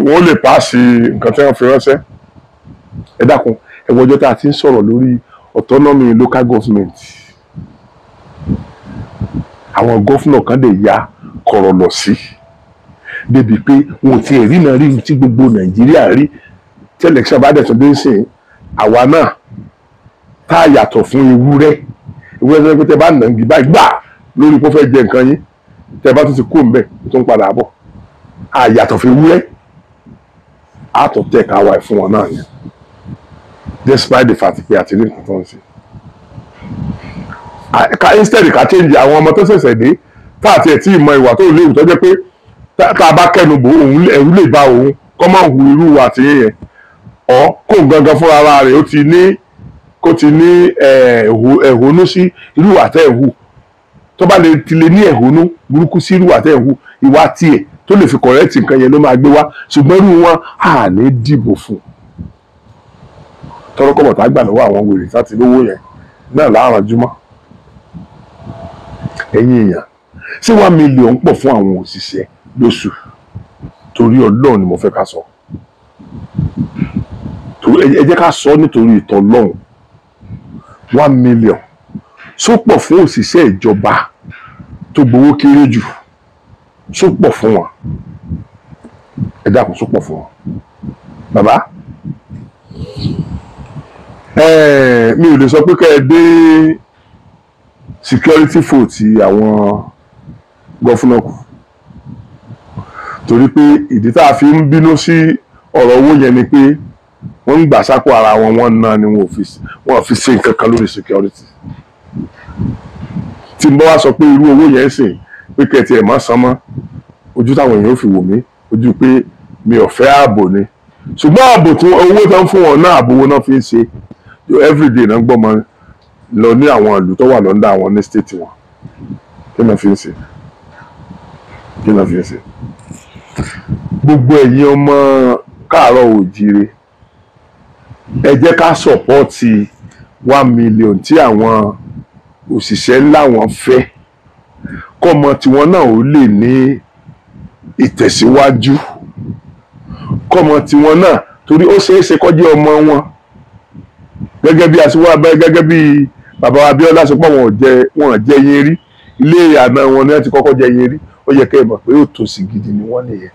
wọ́n lè paasi nǹkan tí wọ́n fi ránṣẹ́ ẹ dákun ẹ wọ́jọ́ tá a ti ń sọ̀rọ̀ lórí autonomy local government àwọn gọ́fúnà kan lè ya kọ̀rọ̀ lọ sí débi pé wọn ò tiẹ̀ rí náà rí tí gbogbo nàìjíríà rí tí election bá dẹ̀tún dé sí àwa náà tá a yàtọ̀ fún ewúrẹ́ ewúrẹ́ tó yẹ pé tẹ bá nà ń gbé báyìí gbà lórí pé ó fẹ́ jẹ nǹkan yín tẹ bá tún ti kó mbẹ tó ń padà bọ̀ a fún ewúrẹ́ àtọ̀ tẹ̀ ká wáyé fún wọn náà yẹn despite the fact pé àti rí nǹkan tó ń sìn. Ah, ká instead ká change àwọn ọmọ tó ṣẹ̀ṣẹ̀ dé tá àti ẹ̀ tí ì mọ ìwà tó léwu tó jẹ́ pé tá a bá kẹnu bò òun ẹ̀rú lè ba òun kọ́ máa hu irú wa ti yẹn ọ̀ kó gangan fúnra ara rẹ̀ ó ti ní kó ti ní ẹ̀hónú sí irú àtẹ̀ ẹ̀hù tó bá ti lè ní ẹ̀hónú burúkú sí irú àtẹ̀ ẹ̀hù ìwà tiẹ̀ tó lè fi kọ̀rẹ́ẹ̀tì nǹkan yẹn ló máa gbé wá ṣùgbọ́n irú wọn à ní dìbò fún tọrọkọ̀bọ̀tà gbà lọ́wọ́ àwọn wèrè sátìlówó yẹn náà láàrán jùmọ̀ ẹ̀yin èèyàn ṣé wàá mílíọ̀n pọ̀ fún àwọn òṣìṣẹ́ lóṣù torí ọlọ́run ni mo fẹ́ ká sọ ẹ jẹ́ ká sọ nítorí ìtọ́ ọlọ́run one million sópọ̀ fún òṣìṣẹ́ ìjọba tó gbowó kéré jù sópọ̀ fún wọn ẹ dákun sópọ̀ fún wọn bàbá mi ò lè sọ pé ká ẹ dé security fault ti àwọn gọ́fúnà kù torí pé ìdí tá a fi ń bínú sí ọ̀rọ̀ owó yẹn ni pé wọ́n ń gbà sápò ara wọn wọ́n ná ni wọ́n fi ṣe nǹkan kan lórí security tí n bá wá sọ pé irú owó yẹn sìn pé kẹ̀tì ẹ̀ má san mọ́ ojú táwọn èèyàn ò fi wò mí ojú pé mi ò fẹ́ ààbò ni ṣùgbọ́n ààbò tí owó tán fún wọn náà àbòwò náà fi ń ṣe everyday náà gbọ́ mọ́ ni lọ ní àwọn ìlú tó wà lọ́ndà àwọn ní stéètì wọn kí ni wọ́n fi ń ṣe kí ni wọ́n fi ń ṣe. gbogbo ẹ̀yin ọmọ káàárọ̀ òjíire ẹ jẹ́ ká sọ̀pọ́ọ̀tì one million tí àwọn òṣìṣẹ́ ńlá wọn fẹ́ kọ́mọ tiwọn náà ó lè ní ìtẹ̀síwájú kọ́mọ tiwọn náà torí ó ṣeé ṣe kó jẹ́ ọmọ wọn gẹ́gẹ́ bí aṣíwájú gẹ́gẹ́ bí bàbá wa Abíọ́lá sọ pé wọn ò jẹ wọn ò jẹ yín rí ilé àná wọn ni wọn ti kọ́kọ́ jẹ yín rí ó yẹ kẹ́ ẹ mọ̀ pé ó tòsí gidi ni wọ́n nìyẹn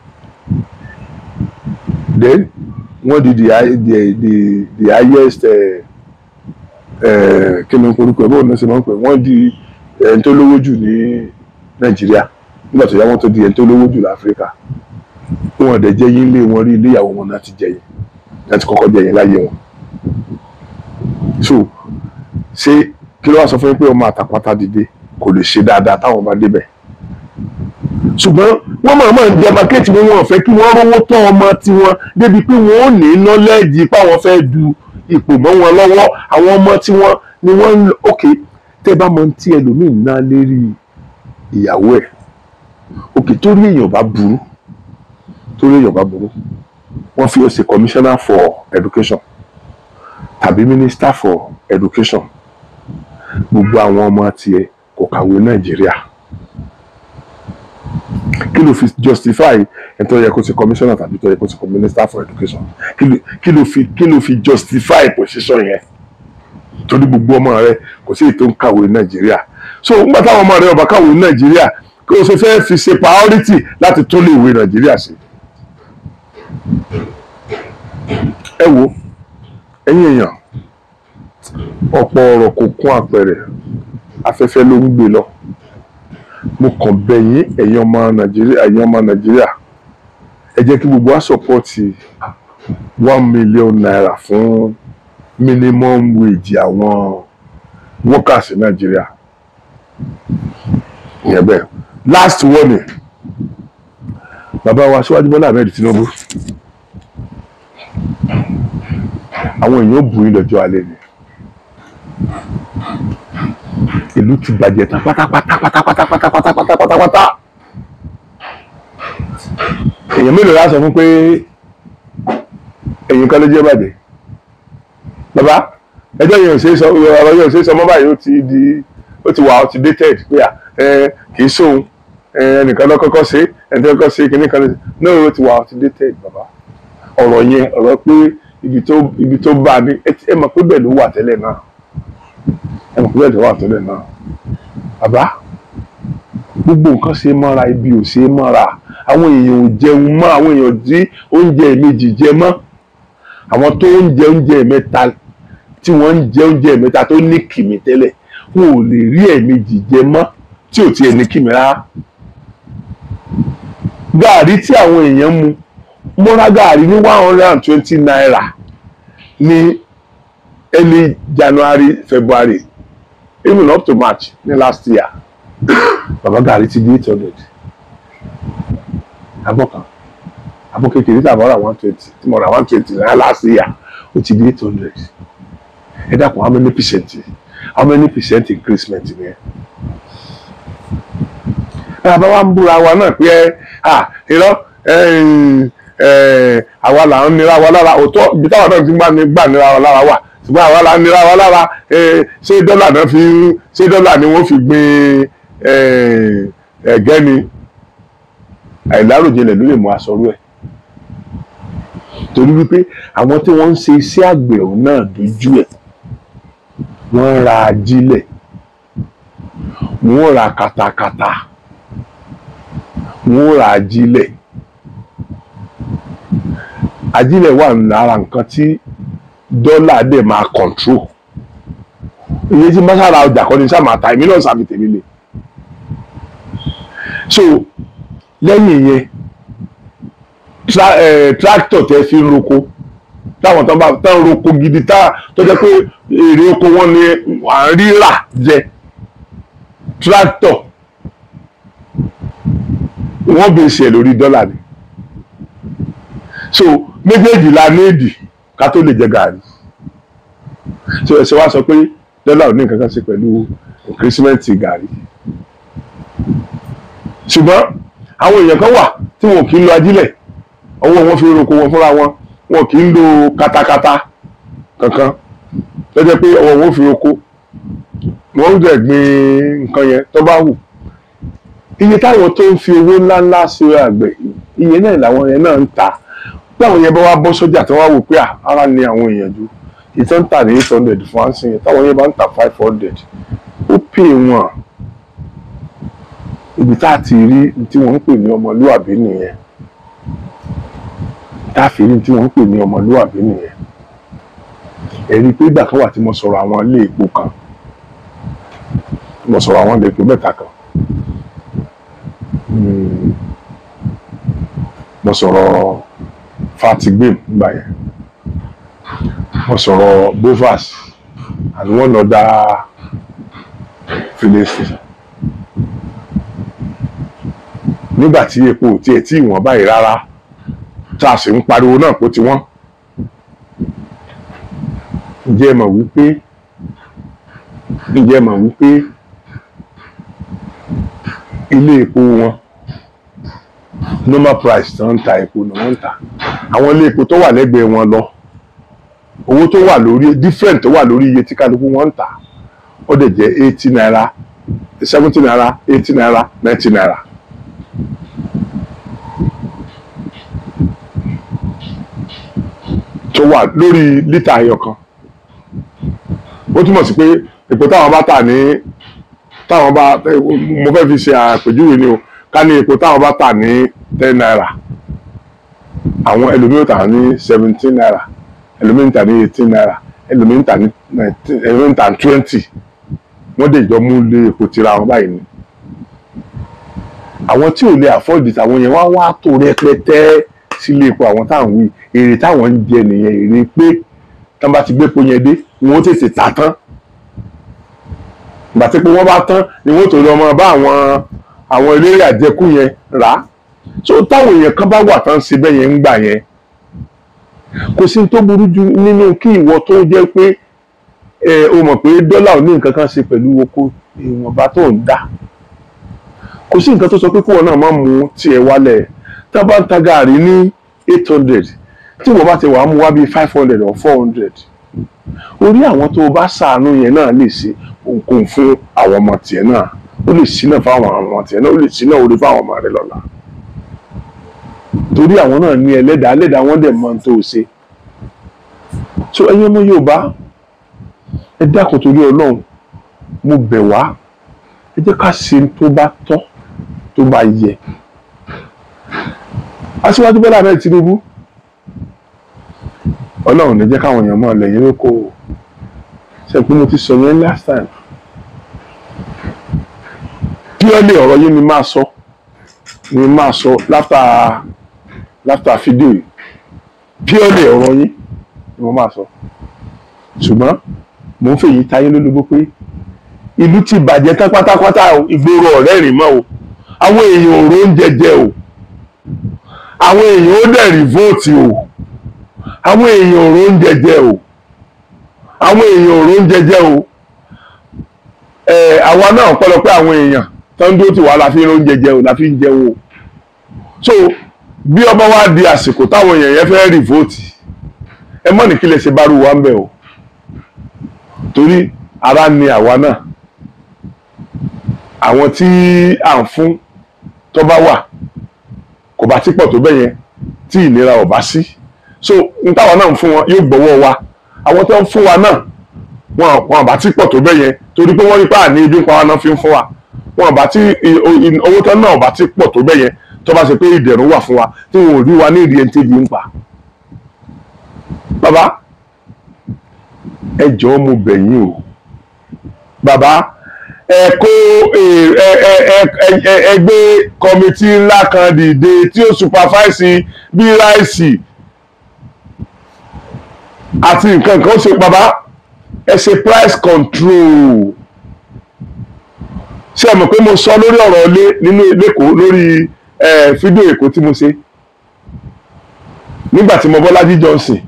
then wọ́n di the the the the highest eh, eh, kí ni orúkọ ẹ̀ bóun náà ṣe máa ń pè wọ́n di ẹni tó lówó jù ní Nàìjíríà nígbà tó yá wọ́n tó di ẹni tó lówó jù láfíríkà wọn dẹ̀ jẹ́ yín lé wọn rí ilé ìyàwó wọn náà ti jẹ yín láti kọ́kọ́ jẹ yín láyé wọn so ṣé kí ló wá sọ fún yín pé ọmọ àtàpátá dìde kò lè ṣe dáadáa táwọn bá débẹ̀ ṣùgbọ́n wọ́n máa máa ń demarcate wọn wọn fẹ́ kí wọ́n rówó tọ́ ọmọ tiwọn débi pé wọ́n ò ní nọ́lẹ́ẹ̀dì páwọn fẹ́ du ipò mọ́ wọn lọ́wọ́ àwọn ọmọ tiwọn ni wọ́n ń lọ ok tẹ́ bá mọ tí ẹlòmíín ná lérí ìyàwó ẹ̀ ok torí èèyàn bá burú torí èèyàn bá burú wọ́n fi ó commissioner for education tàbí minister for education gbogbo àwọn ọmọ tiẹ̀ kò kàwé nàìjíríà kí ló fi justify ẹni tó yẹ kó ti commissioner tàbí tó yẹ kó ti minister for education kí ló fi kí ló fi justify position yẹn torí gbogbo ọmọ rẹ kò sí ètò ń kàwé nàìjíríà so nígbà táwọn ọmọ rẹ ọba kàwé nàìjíríà kí o ṣe fẹ́ fi ṣe priority láti tún lè wé nàìjíríà ṣe ẹ wo ẹ̀yin èèyàn ọ̀pọ̀ ọ̀rọ̀ kò kún àpẹẹrẹ afẹ́fẹ́ ló ń gbé lọ mo kàn bẹ̀ yín ẹ̀yin ọmọ nàìjíríà ẹ̀yin ọmọ nàìjíríà ẹ jẹ́ kí gbogbo wa sọ́pọ́ọ̀tì one million naira fún minimum wage àwọn workers nàìjíríà ìyẹn bẹ́ẹ̀ last warning bàbá wa Aṣíwájú Bọ́lá Ahmed Tinubu àwọn èèyàn bù í lọ́jọ́ alẹ́ ni ìlú ti bàjẹ́ patapata patapata patapata. la kan ti di ti o ti dated kan ti ti dated ibi ẹ mọ̀ pé bẹ́ẹ̀ wà tẹ́lẹ̀ náà bàbá gbogbo nǹkan ṣe mọ́ra ibi ò ṣe mọ́ra àwọn èèyàn ò jẹun mọ́ àwọn èèyàn tí oúnjẹ méjì jẹ mọ́ àwọn tó ń jẹ oúnjẹ mẹ́ta tí wọ́n ń jẹ oúnjẹ mẹ́ta tó ní kìmí tẹ́lẹ̀ wọn ò lè rí ẹ̀ẹ̀mejì jẹ mọ́ tí ò tiẹ̀ ní kìmí rárá gààrí tí àwọn èèyàn mu mo ra gààrí ní one hundred and twenty naira ní early January February even up to March ní last year bàbá gàrí ti di eight hundred abọ́ kan abọ́ kékeré tàbí ọ̀rà one last year ó ti di eight hundred ẹ how many percent how many percent increasement ni ẹ bàbá wa ń na wa náà pé ẹ à irọ́ àwa là ń nira wa lára òótọ́ ibi táwa na ti gbà nira wa lára wà ṣùgbọ́n àwa la nira wa lára ṣé dọ́là náà fi ṣé dọ́là ni wọ́n fi gbin ẹ̀gẹ́ ni àìláròjinlẹ̀ ló lè mú aṣọ́rú ẹ̀ torí wípé àwọn tí wọ́n ń ṣe iṣẹ́ àgbẹ̀ ọ̀hún náà dojú ẹ̀ wọ́n ra ajílẹ̀ wọ́n ra katakata wọ́n ra ajílẹ̀ ajílẹ̀ wà lára nǹkan tí dọ́là dẹ̀ máa control iye tí bá sára ọjà kan ní sáàmà ta èmi náà sàmì tèmi lè so lẹ́yìn yẹn tractor tẹ fi ń roko táwọn tán bá tán roko gidi tá tó jẹ́ pé èrè oko wọn ni à ń rírà jẹ tractor wọ́n bèsè lórí dọ́là ni so méjèèjì la ní èdè ká tó lè jẹ gàrí ṣé ẹ ṣe wá sọ pé dọ́là ò ní nǹkan kan ṣe pẹ̀lú òkírísímẹ́ǹtì gàrí ṣùgbọ́n àwọn èèyàn kan wà tí wọn kì í lo ajílẹ̀ ọwọ́ wọn fi roko wọn fúnra wọn wọn kì í lo katakata kankan lọ́jọ́ pé ọwọ́ wọn fi roko wọ́n ń gbin nǹkan yẹn tó bá wù iye táwọn tó ń fi owó ńláńlá ṣe àgbẹ̀ iye náà làwọn yẹn náà ń ta táwọn yẹn bá wá bọ́ sọ́jà tí wọ́n wá wò ara ni àwọn èèyàn jù ìtàn tà ní eight hundred fún ansìn táwọn yẹn bá ń tà five hundred ibi tá a ti rí tí wọ́n ń pè ní ọmọlúwàbí nìyẹn tá a fi rí tí wọ́n ń pè ní kan wà tí mo sọ̀rọ̀ àwọn epo kan mo sọ̀rọ̀ àwọn kan hmm. mo sọ̀rọ̀. Fatigué gbà yẹn mo sọ̀rọ̀ Bovas and one other filling station nígbà tí epo ò tiẹ̀ tí ìwọ̀n báyìí rárá tá a sì ń pariwo náà kó ti wọ́n ǹjẹ́ ẹ mọ̀ wípé ǹjẹ́ ẹ mọ̀ wípé ilé epo wọn normal price tí wọ́n ń ta epo ni wọ́n ń ta àwọn ilé epo tó wà lẹ́gbẹ̀ẹ́ wọn lọ owó tó wà lórí different tó wà lórí iye tí kálukú wọ́n ń ta ó dẹ̀ jẹ́ eighty naira seventy naira eighty naira ninety naira. tó wà lórí lítà ẹyọ kan ó túmọ̀ sí pé epo táwọn bá tà ní táwọn bá mo fẹ́ fi ṣe àpèjúwe ni o ká ní epo táwọn bá tà ní ten naira àwọn ẹlòmíràn tà ní seventeen naira ẹlòmíràn tà ní eighteen naira ẹlòmíràn tà ní nineteen ẹlòmíràn tà ní twenty wọ́n dẹ̀ jọ mú lé epo tira wọn báyìí ni àwọn tí ò lè àfọ́ọ̀dì tàwọn yẹn wá wá tó rẹpẹtẹ sílé epo àwọn táwọn wí èrè táwọn ń jẹ nìyẹn èrè pé tán bá ti gbé epo yẹn dé wọn ó tètè tà tán ìgbà pé wọ́n bá tán ni wọ́n tó lọ mọ bá àwọn àwọn eléré àjẹkù yẹn rà so táwọn èèyàn kan bá wà tán ṣe yẹn ń gbà kò sí tó burú nínú kí ìwọ tó jẹ pé ẹ o mọ̀ pé dọ́là ò ní nǹkan kan pẹ̀lú oko ìwọ̀nba tó ń dá kò sí nǹkan tó sọ pé náà máa mú wálẹ̀ tá bá ń ta ní eight tí mú wá bíi five hundred or four hundred orí àwọn tó bá ṣàánú yẹn náà lè ṣe fún àwọn ọmọ tiẹ̀ náà. ó lè ṣínà fáwọn àwọn àti ẹ̀ náà ó lè ṣínà orí fáwọn ọmọ rẹ lọ́la torí àwọn náà ní ẹlẹ́dàá ẹlẹ́dàá wọ́n dẹ̀ mọ̀ tó ṣe so ẹ̀yin ọmọ Yorùbá ẹ dákun torí Ọlọ́run mo bẹ̀ wá ẹ jẹ́ ká ṣe tó bá tọ́ tó bá yẹ Aṣíwájú Bọ́lá Ahmed Tinubu Ọlọ́run ní jẹ́ káwọn èèyàn mọ̀ lẹ́yìn lóko ṣe pé mo ti sọ yẹn last time purely ọ̀rọ̀ yìí ni máa sọ ni máa sọ láfta láfta fídíò yìí purely ọ̀rọ̀ yìí ni mo máa sọ ṣùgbọ́n mo ń fèyí tayé lólobó pé ìlú ti bàjẹ́ tán pátápátá ìgboro ọ̀rẹ́ rìn mọ́ o àwọn èèyàn ò róúnjẹ jẹ o àwọn èèyàn ó dẹ̀ rìvóòtì o àwọn èèyàn ò róúnjẹ jẹ o àwọn èèyàn ò róúnjẹ jẹ o àwa náà pọ̀lọpọ̀ àwọn èèyàn tán dúró tì wá la fi ń rún jẹjẹ la fi ń jẹun o so bí ọba wa di àsìkò táwọn èèyàn yẹn fẹ́ rìvóòtì ẹ mọ̀ ní kí lè ṣe bá rú wa ń bẹ̀ o torí ara ni àwa náà àwọn tí à ń fún tó wà kò bá ti pọ̀ tó bẹ́ẹ̀ yẹn tí ìnira ò bá sí so n táwa náà ń fún wọn yóò gbọ́wọ́ wa àwọn tó ń fún wa náà wọn àbá ti pọ̀ tó bẹ́ẹ̀ yẹn torí pé wọ́n rí pé àní ibi ń pa wa náà fi ń fún wa wọn bá tí owó tán náà bá tí pọ̀ tó bẹ́ẹ̀ yẹn tó bá ṣe pé ìdẹ̀rùn wà fún wa tí wọn ò rí wa ní ìdí ẹni tẹ́bi ń pa. bàbá ẹ jọ̀ọ́ mo bẹ̀ yín o bàbá ẹ kó ẹgbẹ́ kọ́mítì ńlá kan dìde tí ó supafáìsì bí ráìsì àti nǹkan kan ó ṣe bàbá ẹ ṣe price control ṣé ẹ mọ̀ pé mo sọ lórí ọ̀rọ̀ ilé nínú lẹ́kọ̀ọ́ lórí fídíò èkó tí mo ṣe nígbà tí mo Bọ́lájí Johnson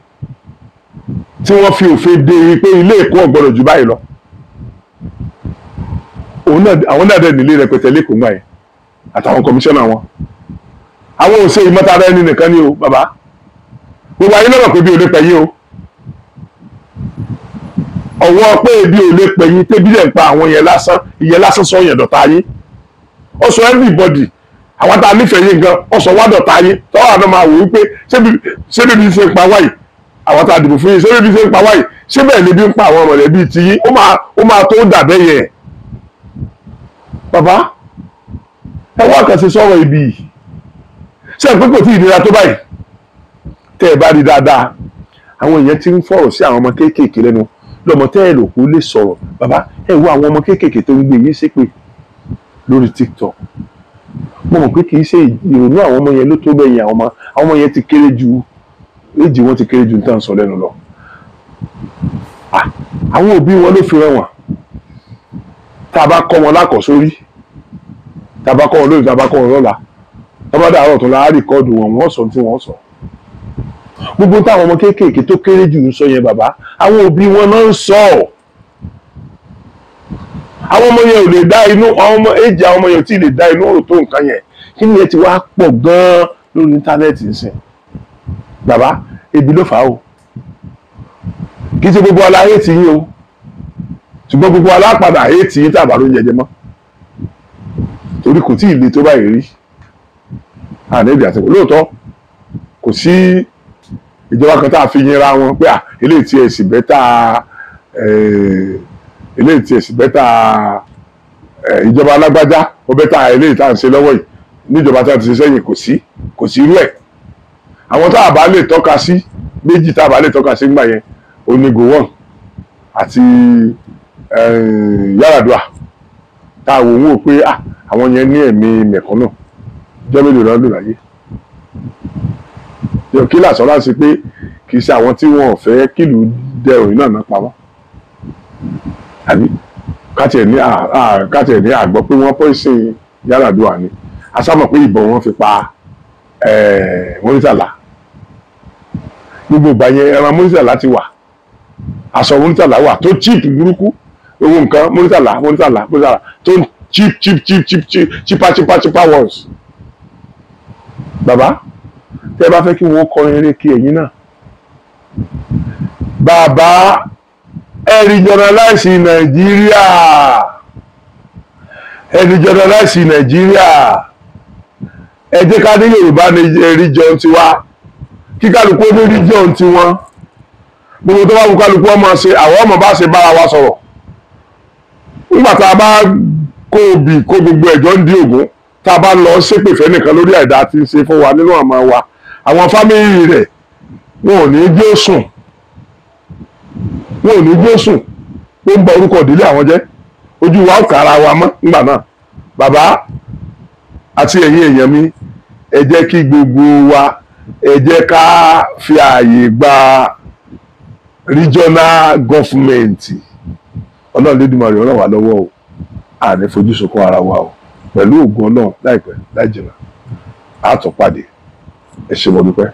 tí wọ́n fi òfin de pé ilé èkó ọ̀gbọ́dọ̀ jù báyìí lọ àwọn náà dẹ̀ nílé rẹpẹtẹ lẹ́kọ̀ọ́ gbà yẹn àtàwọn kọmíṣánná wọn àwọn òṣèré mọ́tara ẹni nìkan ni o bàbá gbogbo ayé lọ́rọ̀ pé bí o lè pẹ̀yìn o ọwọ́ pé ebi ò lè pẹ̀yìn tẹ́bí lẹ̀ ń pa àwọn yẹn lásán ìyẹn lásán sọ yẹn dọ̀tá yín ó sọ everybody àwọn tá a nífẹ̀ẹ́ yín gan ó sọ wá dọ̀tá yín tọ́wọ́ àná máa wò wípé ṣé bíbí ṣe ń pa wáyì àwọn tá a dìbò fún yín ṣé bíbí ṣe ń pa wáyì ṣé bẹ́ẹ̀ ni bí ń pa àwọn mọ̀lẹ́bí ti yín ó máa ó máa tó dàbẹ́ yẹn bàbá ẹ wá kàn sí sọ̀rọ̀ ibi yìí ṣé ẹ pé kò tí ì nira tó báyìí tẹ́ ẹ bá rí dáadáa àwọn èèyàn ti ń fọ̀rọ̀ sí àwọn ọmọ kéékèèké lẹ́nu lọ́mọ tẹ́ ẹ rò kó lè sọ̀rọ̀ bàbá ẹ wo àwọn ọmọ kéékèèké tó ń gbé yín ṣépè lórí tiktok mo mọ̀ pé kì í ṣe ìrònú àwọn ọmọ yẹn ló tó bẹ́ẹ̀ yẹn àwọn ọmọ àwọn ọmọ yẹn ti kéré ju éjì wọn ti kéré ju níta sọ lẹ́nu lọ àwọn òbí wọn ló fi rẹwọ̀n tá a bá kọ́ wọn lákọ̀sórí tá a bá kọ́ wọn lórí tá a bá kọ́ wọn lọ́la tá a bá dàárọ̀ tó la á rìkọ́ọ̀dù wọn wọ́n sọ tí wọ́n sọ gbogbo táwọn ọmọ kéékèèké tó kéré jù ń sọ yẹn bàbá àwọn òbí wọn náà ń sọ ọ́ àwọn ọmọ yẹn ò lè dá inú àwọn ọmọ èjì àwọn ọmọ yẹn ò tí ì lè dá inú ọ̀rọ̀ tó nǹkan yẹn kí ni yẹn ti wá pọ̀ gan-an lórí íńtánẹ́ẹ̀tì nsìn bàbá ebi ló fà á o kì í ṣe gbogbo aláyé ti yín o ṣùgbọ́n gbogbo alápàdà ayé ti yín tàbá ló ń jẹjẹ mọ́ torí kò tí ì le tó báyìí rí àná èdè àtẹ̀wò lóòótọ́ kò sí ìjọba kan tá a fi yinra wọn pé à eléyìí tí ẹ̀sìn bẹ́tà eléyìí tí ẹ̀sìn bẹ́tà ìjọba alágbájá ó bẹ́tà eléyìí tá à ń ṣe lọ́wọ́ yìí níjọba tá a ti ṣe sẹ́yìn kò sí kò sí irú ẹ̀ àwọn tá a bá lè tọ́ka sí méjì tá a bá lè tọ́ka sí ńgbà yẹn onígo one àti Yar'Adua tá a wò wò pé àwọn yẹn ní ẹ̀mí mẹ̀kánná jẹ́ mélòó lọ́dún láyé yóò kí làṣọ́ra sí pé kì í ṣe àwọn tí wọn ò fẹ́ kìlú dẹrùn iná náà pa wọ́n àbí kátìẹ̀ ní kátìẹ̀ ní àgbọ̀ pé wọ́n pọ́ìsìn Yar'Adua ni asámọ̀ pé ìbọn wọn fi pa Murtala gbogbo ìgbà yẹn ẹran Murtala ti wà aṣọ Murtala wà tó chíìpù burúkú owó nǹkan Murtala Murtala Murtala tó cheap cheap cheap cheap cheaper cheaper cheaper ones baba tẹ́ bá fẹ́ kí wọ́n kọrin eré kí ẹ̀yin náà bàbá ẹ̀rí jọ̀nàláìsì nàìjíríà ẹ̀rí jọ̀nàláìsì nàìjíríà ẹ jẹ́ ká ní yorùbá ní ẹ̀rí jọun tiwa kí kálukú ó ní jọun tiwọn gbogbo tó bá wù kálukú ọmọ ṣe àwọn ọmọ bá ṣe bára wa sọ̀rọ̀ nígbà tá a bá kó obì kó gbogbo ẹ̀jọ́ ń di ògún ta ba bá lọ ṣépè fẹ́ nìkan lórí àìdá tí ń ṣe fún wa nínú àmọ́ wa àwọn fámìlì rẹ̀ wọn ò ní gbé sùn wọn ò ní gbé sùn ń ba orúkọ ìdílé àwọn jẹ́ ojú wa ó wa mọ́ nígbà náà bàbá àti ẹ̀yin èèyàn mi ẹ jẹ́ kí gbogbo wa ẹ jẹ́ ká fi ààyè gba regional government ọlọ́run lédùmarè ọ̀ràn wà lọ́wọ́ o àní fojú sunkún ara wa o. pẹ̀lú ògùn ọlọ́run láìpẹ́ láìjìnà àtúnpàdé ẹ ṣé mo dúpẹ́.